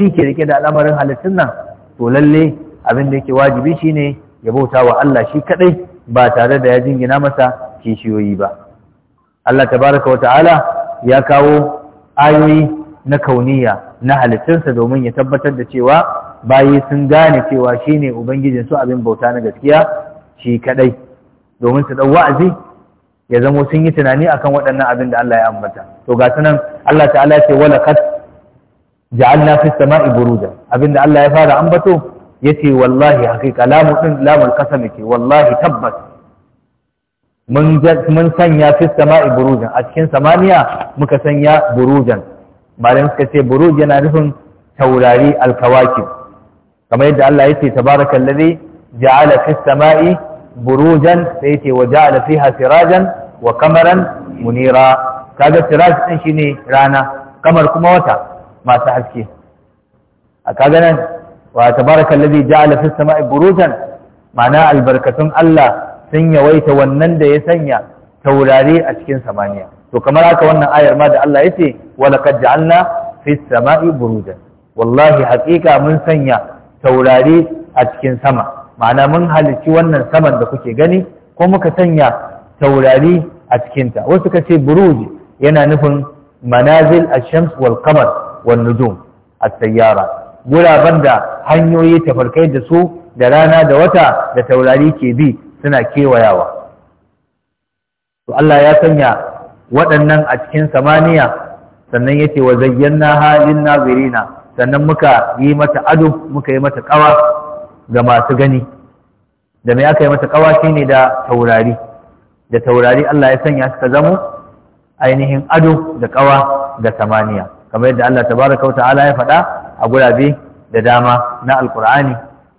shi ke rike da al'amarin halittun nan to lalle abin da yake wajibi shine ya bauta wa Allah shi kadai ba tare da ya jingina masa kishiyoyi ba Allah tabaraka wa ta'ala ya kawo ayoyi na kauniya na halittunsa domin ya tabbatar da cewa bayi sun gane cewa shine ubangijin su abin bauta na gaskiya shi kadai domin su dau wa'azi ya zama sun yi tunani akan waɗannan abin da Allah ya ambata to ga sanan Allah ta'ala ce wala qad ja'alna fis sama'i buruja abinda Allah ya fara ambato yace wallahi haqiqa lamu din lamul qasam ke wallahi tabbas mun mun sanya fis sama'i burujan a cikin samaniya muka sanya burujan malam suka ce buruj yana nufin taurari alkawakib kamar yadda Allah yace tabarakallazi ja'ala fis sama'i burujan sai yace wa ja'ala fiha sirajan wa qamaran munira kaga siraj din shine rana kamar kuma wata masu haske a kaga wa tabaraka allazi ja'ala fis sama'i burujan ma'ana albarkatun Allah sun yawaita wannan da ya sanya taurari a cikin samaniya to kamar haka wannan ayar ma da Allah yace wa laqad ja'alna fis sama'i burujan wallahi haqiqa mun sanya taurari a cikin sama ma'ana mun halicci wannan saman da kuke gani ko muka sanya taurari a cikinta wasu ka ce buruji yana nufin manazil ash-shams wal qamar wan nujum a sayyara. guraben da hanyoyi tafarkai da su da rana da wata da taurari ke bi suna kewayawa to Allah ya sanya waɗannan a cikin samaniya sannan yace wa zayyana halin na? sannan muka yi mata ado muka yi mata ƙawa ga masu gani da mai aka yi mata kawa shine da taurari da taurari Allah ya sanya suka zamo ainihin ado da ƙawa ga samaniya kamar yadda Allah tabaraka wa ta'ala ya faɗa a gurabe da dama na alkur'ani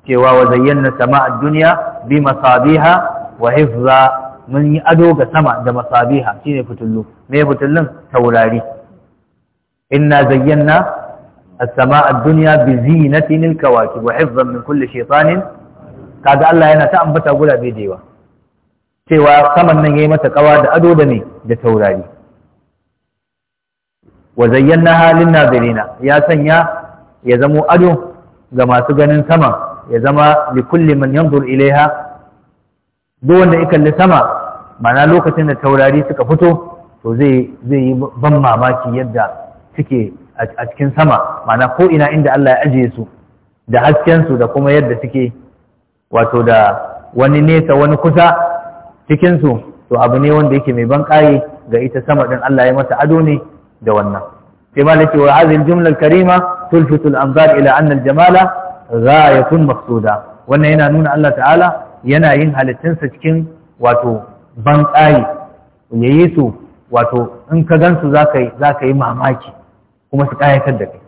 cewa wa zayyana sama'a duniya bi masabiha wa hifza mun yi ado ga sama da masabiha shine fitullu me fitullun taurari inna zayyana السماء الدنيا بزينة Wa وحفظا من كل شيطان kaga Allah yana ta ambata gurabe da yawa. cewa saman nan yayi mata kawa da ado da ne da taurari wa zayyana halin nazirina ya sanya ya zamo ado ga masu ganin sama ya zama li kulli man yanzur ilaiha duk wanda ya kalli sama mana lokacin da taurari suka fito to zai zai yi ban mamaki yadda suke a cikin sama mana ko ina inda Allah ya ajiye su da hasken su da kuma yadda suke wato da wani nesa wani kusa cikin su to abu ne wanda yake mai ban ƙaye ga ita sama din Allah ya masa ado ne da wannan sai ma lake wa azil jumlal karima tulfitu al-anzar ila anna al-jamala ghayatun maqsuda wannan yana nuna Allah ta'ala yana yin halittunsa cikin wato ban ƙayi yayi su wato in ka gansu za ka yi mamaki kuma su ƙayatar da kai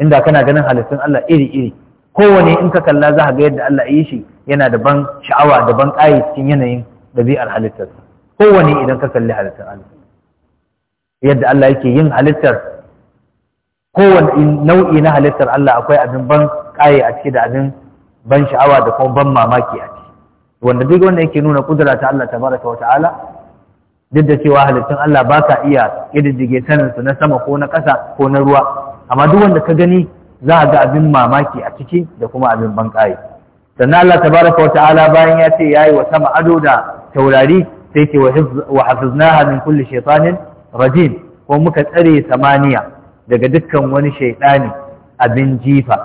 inda kana ganin halittun Allah iri-iri kowane in ka kalla za ga yadda Allah yi shi yana da ban sha'awa da ban cikin yanayin ɗabi'ar halittarsa kowane idan ka kalli halittun Allah yadda Allah yake yin halittar kowane nau'i na halittar Allah akwai abin ban kaye a ciki da abin ban sha'awa da kuma ban mamaki a ciki wanda duk wanda yake nuna kudura ta Allah tabaraka wa ta'ala duk da cewa halittun Allah ba ka iya kididdige sanin su na sama ko na ƙasa ko na ruwa amma duk wanda ka gani za a ga abin mamaki a ciki da kuma abin ban ƙaye sannan Allah tabaraka wa ta'ala bayan ya ce yayi wa sama ado da taurari sai ce wa hafiznaha min kulli shaytanin rajim ko muka tsare samaniya daga dukkan wani shaidani abin jifa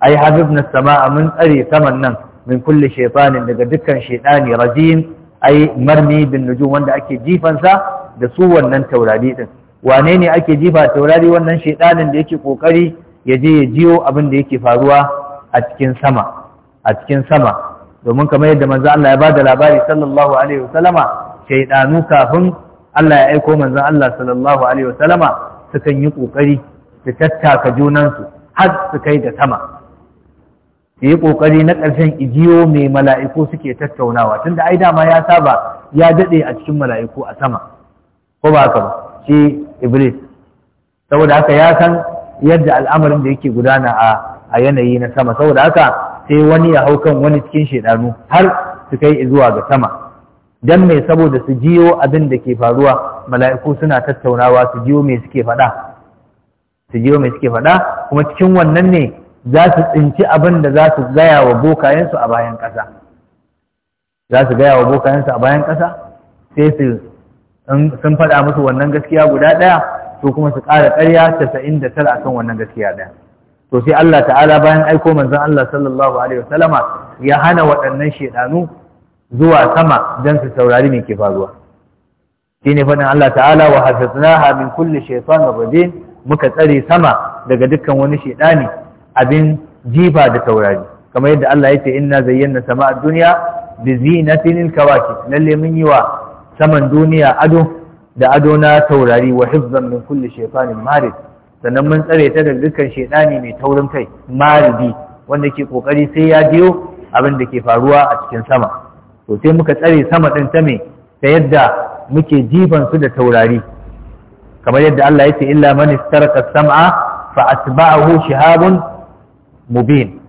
ai habibna sama'a mun tsare saman nan min kulle shaitanin daga dukkan shaidani rajim ai marmi bin nujum wanda ake jifansa da su wannan taurari din wane ne ake jifa taurari wannan shaidanin da yake kokari ya je ya jiyo abin da yake faruwa a cikin sama a cikin sama domin kamar yadda manzo Allah ya bada labari sallallahu alaihi wasallama shaidanu kafin Allah ya aiko manzon Allah sallallahu alaihi wasallama sukan yi kokari su tattaka junansu har su kai da sama su yi kokari na ƙarshen ijiyo mai mala'iku suke tattaunawa tunda ai dama ya saba ya daɗe a cikin mala'iku a sama ko ba haka ba shi iblis saboda haka ya san yadda al'amarin da yake gudana a yanayi na sama saboda haka sai wani ya hau kan wani cikin shedanu har su kai zuwa ga sama dan mai saboda su jiyo abin da ke faruwa mala'iku suna tattaunawa su jiyo mai suke faɗa su jiyo mai suke faɗa kuma cikin wannan ne za su tsinci abin da za su gaya wa bokayensu a bayan ƙasa za su gaya wa bokayensu a bayan ƙasa sai su sun faɗa musu wannan gaskiya guda ɗaya to kuma su ƙara ƙarya casa'in da tara akan wannan gaskiya ɗaya to sai Allah ta'ala bayan aiko manzon Allah sallallahu alaihi wasallama ya hana waɗannan shedanu zuwa sama don su saurari mai ke faruwa shi ne faɗin Allah ta'ala wa hafiznaha min kulli shaytan rajim muka tsare sama daga dukkan wani shaidani abin jifa da saurari kamar yadda Allah ya ce inna zayyana sama a duniya bi zinatin kawaki lalle mun yi wa saman duniya ado da ado na taurari wa hifzan min kulle shaytanin marid sannan mun tsare ta daga dukkan shaidani mai taurin kai maridi wanda ke kokari sai ya biyo abin da ke faruwa a cikin sama to sai muka tsare sama ɗin ta ta yadda muke jifan su da taurari kamar yadda Allah ya ce illa man istaraka sam'a fa atba'ahu shihabun mubin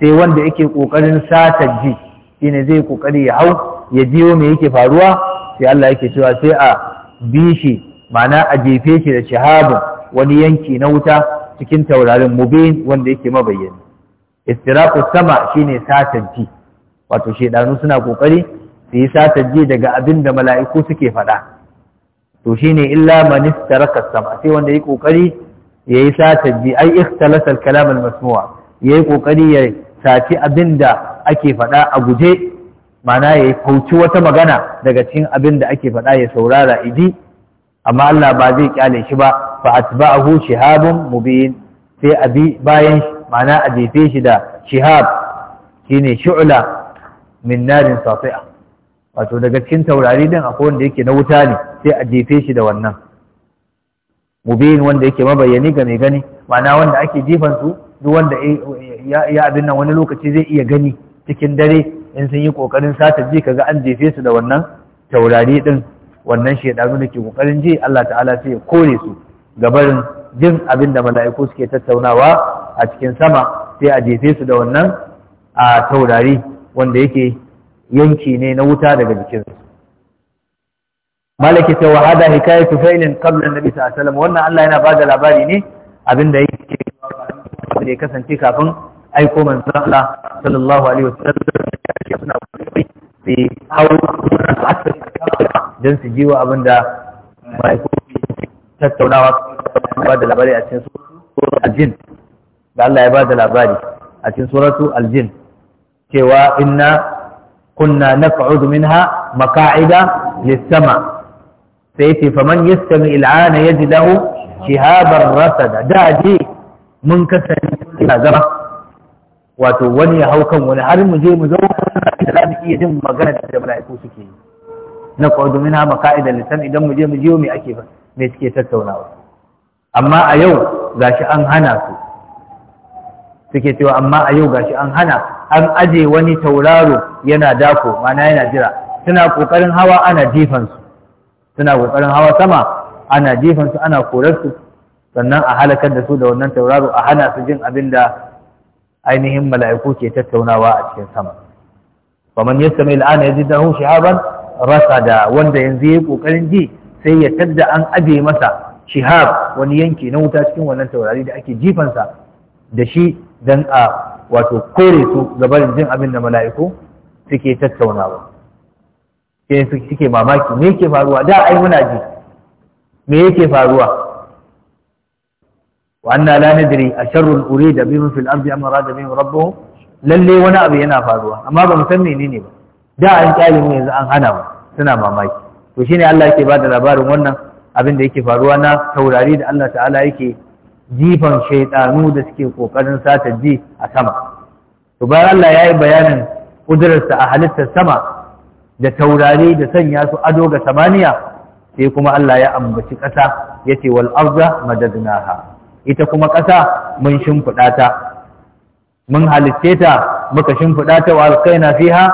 sai wanda yake kokarin sata ji shine zai kokari ya hau ya jiyo me yake faruwa sai Allah yake cewa sai a bishi ma'ana a jefe shi da shahabun wani yanki na wuta cikin taurarin mubin wanda yake mabayyani istiraku sama shine sata ji wato shedanu suna kokari su yi ji daga abin da mala'iku suke faɗa to shine illa man istaraka sama sai wanda yi kokari yayi sata ji ai ikhtalasa al-kalam al-masmu'a yayi kokari ya saci abin da ake faɗa a guje mana ya fauci wata magana daga cikin abin da ake faɗa ya saurara idi amma Allah ba zai kyale shi ba fa atba'ahu shihabun mubin sai abi bayan mana a jefe shi da shihab shine shu'la min narin safi'a wato daga cikin taurari din akwai wanda yake na wuta ne sai a jefe shi da wannan mubin wanda yake mabayani ga mai gani ma'ana wanda ake jifan su duk wanda ya abin nan wani lokaci zai iya gani cikin dare in sun yi kokarin sata ji kaga an jefe su da wannan taurari din wannan shedanu da ke kokarin ji Allah ta'ala sai ya kore su gabarin jin abin da mala'iku suke tattaunawa a cikin sama sai a jefe su da wannan a taurari wanda yake yanki ne na wuta daga jikinsu malaki ta wahada hikayatu failin qabla annabi sallallahu alaihi wasallam wannan Allah yana ba da labari ne abinda yake da ya kasance kafin aiko manzon Allah sallallahu alaihi wasallam ya suna kai sai hawo dan su ji jiwa abinda maiko tattaunawa ba da labari a cikin suratu al-jin da Allah ya ba da labari a cikin suratu al cewa inna kunna naq'udu minha maqa'ida lis-sama sai ce faman yastami il'ana yaji lahu shihabar rasada da je mun kasance a gaba wato wani ya hau kan wani har mu je mu zauna da za mu iya jin magana da mala'iku suke yi na qawdu minha maka'ida lisan idan mu je mu jiyo me ake ba me suke tattaunawa amma a yau gashi an hana su suke cewa amma a yau gashi an hana su an aje wani tauraro yana dako mana yana jira suna kokarin hawa ana jifan su suna kokarin hawa sama ana jifan su ana korar su sannan a halakar da su da wannan tauraro a hana su jin abin da ainihin mala'iku ke tattaunawa a cikin sama faman yastami al'ana yajidahu shihaban rasada wanda yanzu ya yi kokarin ji sai ya tadda an aje masa shihab wani yanki na wuta cikin wannan taurari da ake jifansa da shi dan a wato kore su gabarin jin abin da mala'iku suke tattaunawa sai suke mamaki me yake faruwa da ai muna ji me yake faruwa wa anna la nadri al urida bihim fil ardi am arada bihim rabbuhu lalle wani abu yana faruwa amma ba mu san menene ba da an kyale mu yanzu an hana mu suna mamaki to shine Allah yake bada labarin wannan abin da yake faruwa na taurari da Allah ta'ala yake jifan shaidanu da suke kokarin sata ji a sama to bayan Allah ya yi bayanin kudurarsa a halittar sama da taurari da sanya su ado ga samaniya sai kuma Allah ya ambaci ƙasa ya ce wal arda madadnaha ita kuma ƙasa mun shimfiɗa ta mun halitte ta muka shimfiɗa ta wa alkaina fiha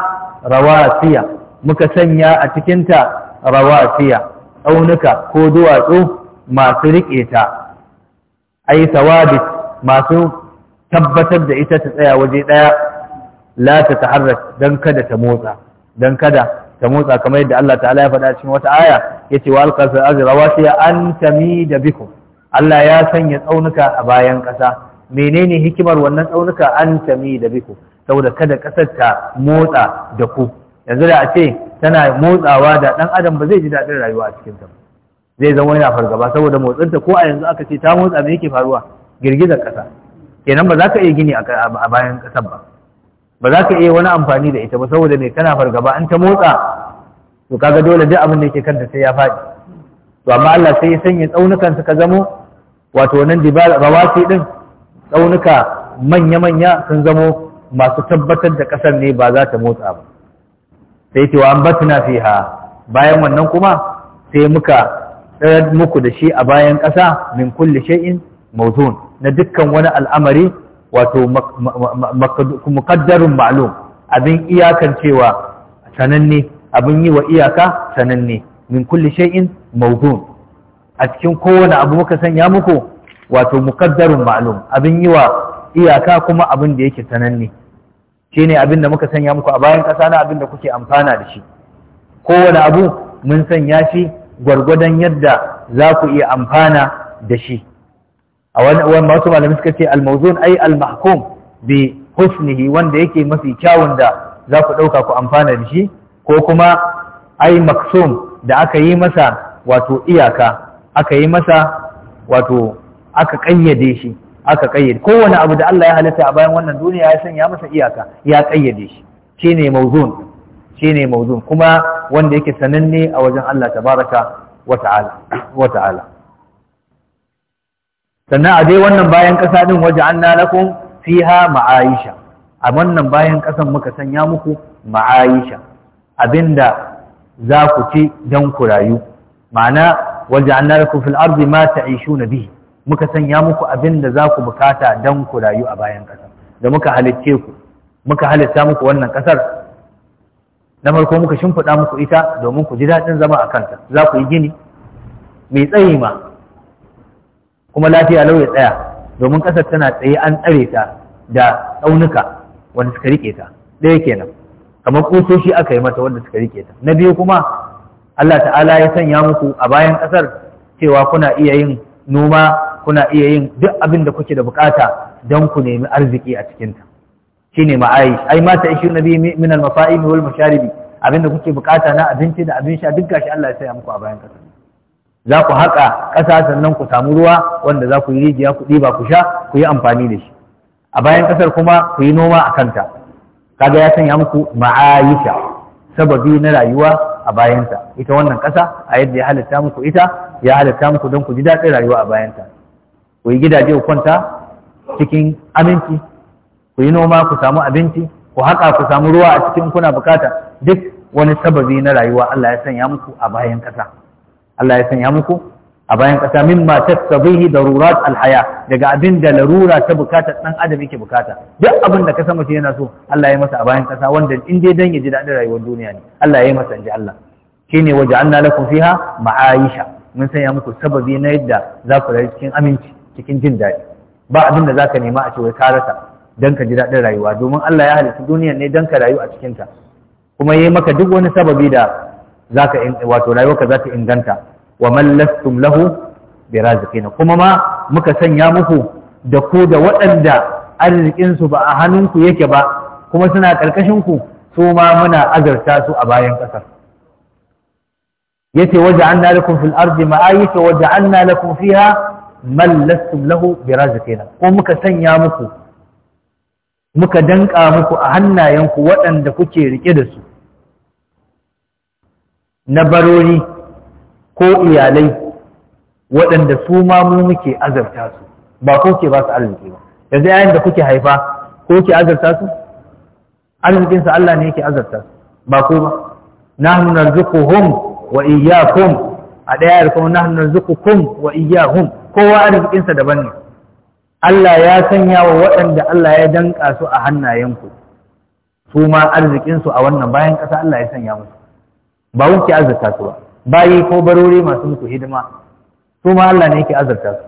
rawasiya muka sanya a cikinta rawasiya tsaunuka ko duwatsu masu riƙe ta ai thawabit masu tabbatar da ita ta tsaya waje daya la ta taharrak dan kada ta motsa dan kada ta motsa kamar yadda Allah ta'ala ya faɗa cikin wata aya yace wa alqasa azra sai an tamida bikum Allah ya sanya tsaunuka a bayan ƙasa menene hikimar wannan tsaunuka an tamida bikum saboda kada ƙasar ta motsa da ku yanzu da a ce tana motsawa da ɗan adam ba zai ji daɗin rayuwa a cikin ta ba zai zama yana fargaba saboda motsinta ko a yanzu aka ce ta motsa me yake faruwa girgizar ƙasa kenan ba za ka iya gini a bayan ƙasar ba ba za ka iya wani amfani da ita ba saboda me kana fargaba an ta motsa to kaga dole duk abin da yake kanta sai ya faɗi to amma Allah sai ya sanya tsaunukan suka zamo wato wannan dibar rawasi din tsaunuka manya-manya sun zamo masu tabbatar da ƙasar ne ba za ta motsa ba sai ce wa an fiha bayan wannan kuma sai muka tsayar muku da shi a bayan ƙasa min kulli shay'in mawzun na dukkan wani al'amari wato muqaddarun ma'lum abin iyakan cewa sananne abin yi wa iyaka sananne min kulli shay'in mawzun a cikin kowane abu muka sanya muku wato muqaddarun ma'lum abin yi wa iyaka kuma abin da yake sananne shine abin da muka sanya muku a bayan ƙasa na abin da kuke amfana da shi kowane abu mun sanya shi gwargwadon yadda za ku iya amfana da shi a wani masu malamai suka ce almawzun ai almahkum bi husnihi wanda yake mafi kyawun da za ku ɗauka ku amfana da shi ko kuma ai maksum da aka yi masa wato iyaka aka yi masa wato aka ƙayyade shi aka ƙayyade kowane abu da Allah ya halitta a bayan wannan duniya ya sanya masa iyaka ya ƙayyade shi shine mauzun? shine mawdu kuma wanda yake sananne a wajen Allah tabaraka wa ta'ala wa ta'ala sannan a dai wannan bayan kasa din waja'alna lakum fiha ma'aisha a wannan bayan ƙasan muka sanya muku ma'aisha abinda za ku ci dan ku rayu ma'ana an lakum fil ardi ma ta'ishuna bihi muka sanya muku abinda za ku bukata dan ku rayu a bayan ƙasa da muka halicce ku muka halitta muku wannan ƙasar? na farko muka shimfiɗa muku ita domin ku ji daɗin zama a kanta za ku yi gini mai tsayi ma kuma lafiya lau ya tsaya domin ƙasar tana tsaye an tsare ta da tsaunuka wanda suka rike ta ɗaya kenan kamar ƙusoshi aka yi mata wanda suka rike ta na biyu kuma Allah ta'ala ya sanya muku a bayan ƙasar cewa kuna iya yin noma kuna iya yin duk abin da kuke da bukata don ku nemi arziki a cikinta shine ma'aish ai ma ta na nabi min al-masa'ib wal masharibi abinda kuke bukata na abinci da abin sha duk gashi Allah ya saya muku a bayan kasa za ku haƙa ƙasa sannan ku samu ruwa wanda za ku yi rijiya ku ɗiba ku sha ku yi amfani da shi a bayan ƙasar kuma ku yi noma a kanta kaga ya sanya muku ma'ayisha sababi na rayuwa a bayanta ita wannan ƙasa a yadda ya halitta muku ita ya halitta muku don ku ji daɗin rayuwa a bayanta ku yi gidaje ku kwanta cikin aminci ku yi noma ku samu abinci ku haƙa ku samu ruwa a cikin kuna bukata duk wani sababi na rayuwa Allah ya sanya muku a bayan ƙasa Allah ya sanya muku a bayan ƙasa mimma tasabihi darurat alhaya daga abin da larura ta bukata dan adam yake bukata duk abin da ka san mutum yana so Allah ya masa a bayan ƙasa wanda in dai dan ya ji daɗin rayuwar duniya ne Allah ya yi masa inji Allah shine waja'alna lakum fiha ma'aisha mun sanya muku sababi na yadda za ku rayu cikin aminci cikin jin daɗi ba abin da zaka nema a ce wai ka rasa don ka ji daɗin rayuwa domin Allah ya halitta duniyar ne don ka rayu a cikinta kuma yi maka duk wani sababi da zaka wato ka za ta inganta wa man lastum lahu birazikina kuma ma muka sanya muku da ku da waɗanda arzikinsu ba a hannunku yake ba kuma suna ƙarƙashin ku su ma muna azarta su a bayan ƙasar yace waja'alna lakum fil ardi ma'ayisha waja'alna lakum fiha man lastum lahu birazikina ko muka sanya muku muka danƙa muku a hannayenku waɗanda kuke riƙe da su na barori ko iyalai waɗanda su ma mu muke azabta su ba ko ke ba su arziki ba yanzu yayin da kuke haifa ko ke azabta su arzikinsa Allah ne yake azabta su ba ko ba nahnu narzuquhum wa iyyakum a ɗaya kuma nahnu narzuqukum wa iyyahum kowa arzikinsa daban ne Allah ya sanya wa waɗanda Allah ya danƙa su a hannayenku su ma arzikinsu a wannan bayan ƙasa Allah ya sanya musu ba wuce azurta su ba bayi ko barori masu muku hidima su ma Allah ne yake azurta su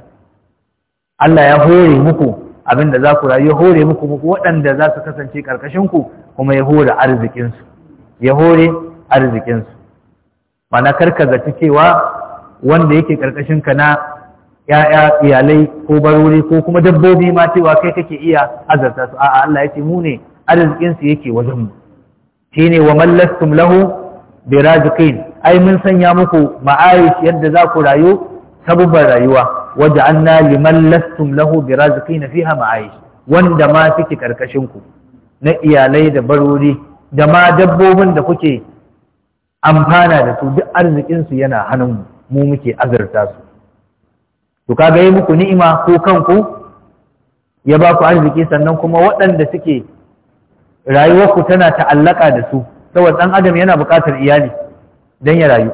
Allah ya hore muku abin da za ku rayu ya hore muku muku waɗanda za su kasance ƙarƙashinku kuma ya hore arzikinsu ya hore arzikinsu mana karka zaci cewa wanda yake ƙarƙashinka na ya'ya iyalai ko barori ko kuma dabbobi ma cewa kai kake iya azarta su a'a Allah ya ce mu ne arzikin su yake wajen mu shine wa mallastum lahu biraziqin ai mun sanya muku ma'aish yadda za ku rayu sabubban rayuwa waja'alna liman lastum lahu biraziqin fiha ma'aish wanda ma suke karkashin ku na iyalai da barori da ma dabbobin da kuke amfana da su duk arzikin su yana hannun mu muke azarta su to kaga yayi muku ni'ima ko kanku ya ba ku arziki sannan kuma waɗanda suke rayuwarku tana ta'allaka da su saboda dan adam yana buƙatar iyali don ya rayu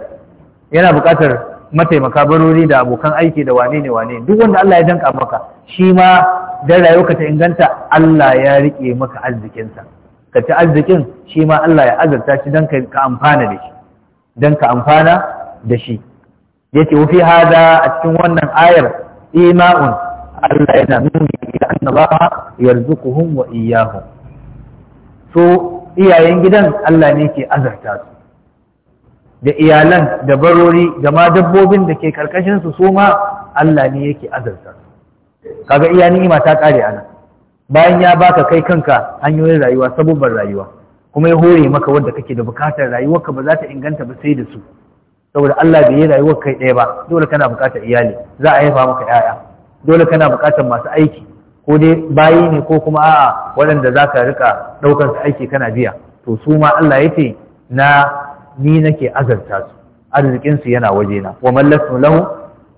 yana buƙatar mataimaka barori da abokan aiki da wane ne wane duk wanda Allah ya danka maka shi ma dan rayuwarka ta inganta Allah ya rike maka arzikinsa ka ci arzikin shi ma Allah ya azurta shi dan ka amfana da shi dan ka amfana da shi yace wufi hada a cikin wannan ayar ima'un Allah yana nuni da anna Allah yarzuquhum wa iyyahum so iyayen gidan Allah ne ke azarta su da iyalan da barori da ma dabbobin da ke karkashin su su ma Allah ne yake azarta su kaga iya ni'ima ta kare ana. bayan ya baka kai kanka hanyoyin rayuwa sabubban rayuwa kuma ya hore maka wanda kake da bukatar rayuwarka ba za ta inganta ba sai da su saboda Allah bai yi rayuwar kai ɗaya ba dole kana buƙatar iyali za a haifa maka ƴaƴa dole kana buƙatar masu aiki ko dai bayi ne ko kuma a'a waɗanda za ka rika ɗaukar su aiki kana biya to su ma Allah ya ce na ni nake azarta su arzikin su yana wajena wa mallasu lahu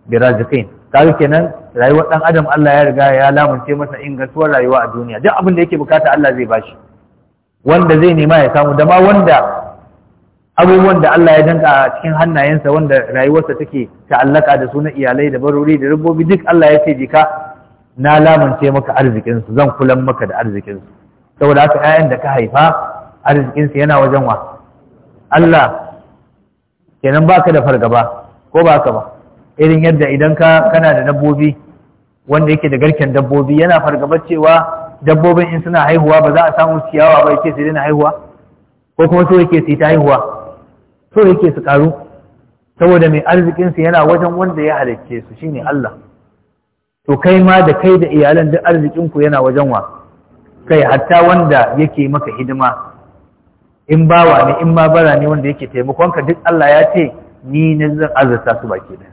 bi razikin kaga kenan rayuwar dan adam Allah ya riga ya lamunce masa ingantuwar rayuwa a duniya duk abin da yake bukata Allah zai bashi wanda zai nema ya samu da ma wanda abubuwan da Allah ya danka a cikin hannayensa wanda rayuwarsa take ta'allaka da sunan iyalai da barori da dabbobi duk Allah ya ce jika na lamance maka arzikinsu zan kulan maka da arzikinsu saboda haka 'ya'yan da ka haifa arzikinsu yana wajen wa Allah kenan baka da fargaba ko baka ba irin yadda idan ka kana da dabbobi wanda yake da garken dabbobi yana fargabar cewa dabbobin in suna haihuwa ba za a samu ciyawa ba yake dai na haihuwa ko kuma so yake sai ta haihuwa so yake su karu saboda mai arzikinsu yana wajen wanda ya halicce su shine Allah to kai ma da kai da iyalan duk arzikinku yana wajen wa kai hatta wanda yake maka hidima in bawa ne in ma bara ne wanda yake taimakonka duk Allah ya ce ni na zan arzata su baki da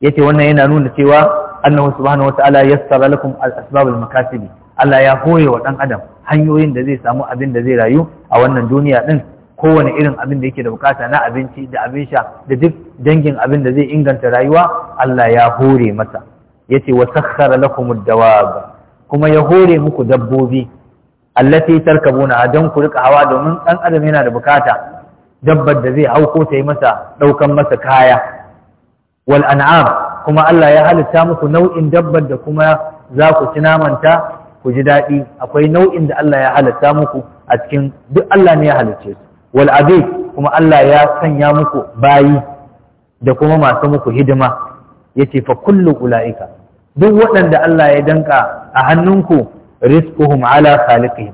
yace wannan yana nuna cewa annahu subhanahu wataala yassara lakum al-asbab al-makasibi Allah ya hoye wa dan adam hanyoyin da zai samu abin da zai rayu a wannan duniya din kowane irin abin da yake da bukata na abinci da abin sha da duk dangin abin da zai inganta rayuwa Allah ya hore masa yace wa sakhkhara lakum dawab kuma ya hore muku dabbobi allati tarkabuna dan ku rika hawa domin dan adam yana da bukata dabbar da zai hauko ta yi masa daukan masa kaya wal an'am kuma Allah ya halitta muku nau'in dabbar da kuma za ku ci namanta ku ji daɗi akwai nau'in da Allah ya halitta muku a cikin duk Allah ne ya halicce su wal kuma Allah ya sanya muku bayi da kuma masu muku hidima yace fa kullu ulaika duk waɗanda Allah ya danka a hannunku rizquhum ala khaliqi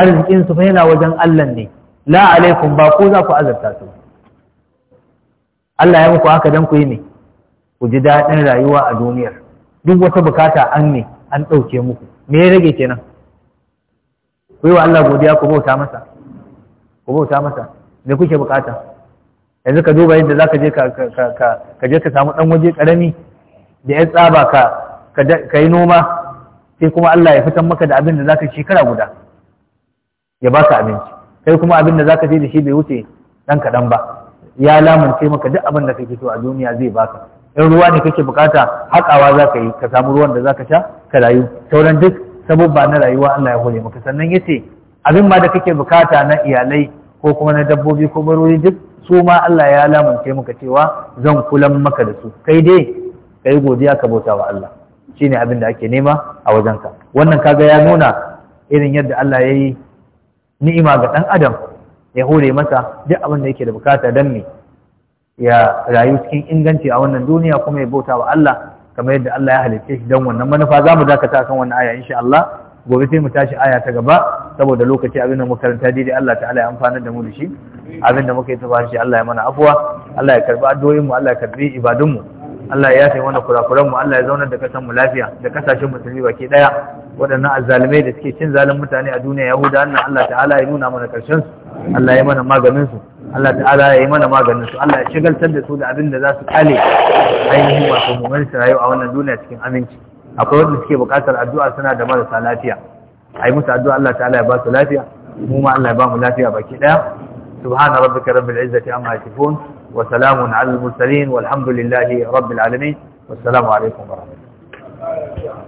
arzikin su yana wajen Allah ne la alaikum ba ko za ku azabta su Allah ya muku haka dan ku yi ne ku ji daɗin rayuwa a duniyar duk wata bukata an ne an ɗauke muku me ya rage kenan ku yi wa Allah godiya ku bauta masa ku bauta masa me kuke bukata yanzu ka duba yadda zaka je ka ka je ka samu dan waje karami da ya tsaba ka ka yi noma sai kuma Allah ya fitan maka da abin da zaka shekara guda ya baka abinci kai kuma abin da zaka je da shi bai wuce dan kadan ba ya lamunce maka duk abin da kake so a duniya zai baka in ruwa ne kake bukata hakawa za ka yi ka samu ruwan da za ka sha ka rayu sauran duk sabubba na rayuwa Allah ya hore maka sannan yace abin ma da kake bukata na iyalai ko kuma na dabbobi ko barori duk su ma Allah ya lamunce muka cewa zan kulan maka da su kai dai ka yi godiya ka bauta wa Allah shine abin da ake nema a wajenka wannan kaga ya nuna irin yadda Allah ya yi ni'ima ga ɗan adam ya hore masa duk abin da yake da bukata don me ya rayu cikin inganci a wannan duniya kuma ya bauta wa Allah kamar yadda Allah ya halicce shi don wannan manufa za mu dakata kan wannan aya insha Allah gobe sai mu tashi aya ta gaba saboda lokaci abin da mu karanta daidai Allah ta'ala ya amfana da mu da shi abin da muka yi tafashi Allah ya mana afuwa Allah ya karbi addu'o'in mu Allah ya karbi ibadun mu Allah ya yafe mana kurakuran mu Allah ya zaunar da kasan mu lafiya da kasashen musulmi baki daya waɗannan azzalumai da suke cin zalin mutane a duniya yahuda annan Allah ta'ala ya nuna mana karshen su Allah ya mana maganin su Allah ta'ala ya yi mana maganin su Allah ya shigaltar da su da abin da za su kale ainihin wato mu'min su rayuwa a wannan duniya cikin aminci akwai wanda suke bukatar addu'a suna da marasa lafiya ai musu addu'a Allah ta'ala ya ba su lafiya mu ma Allah ya ba mu lafiya baki daya subhana rabbika rabbil izzati amma yasifun wa salamun alal mursalin walhamdulillahi rabbil alamin wassalamu alaikum wa rahmatullahi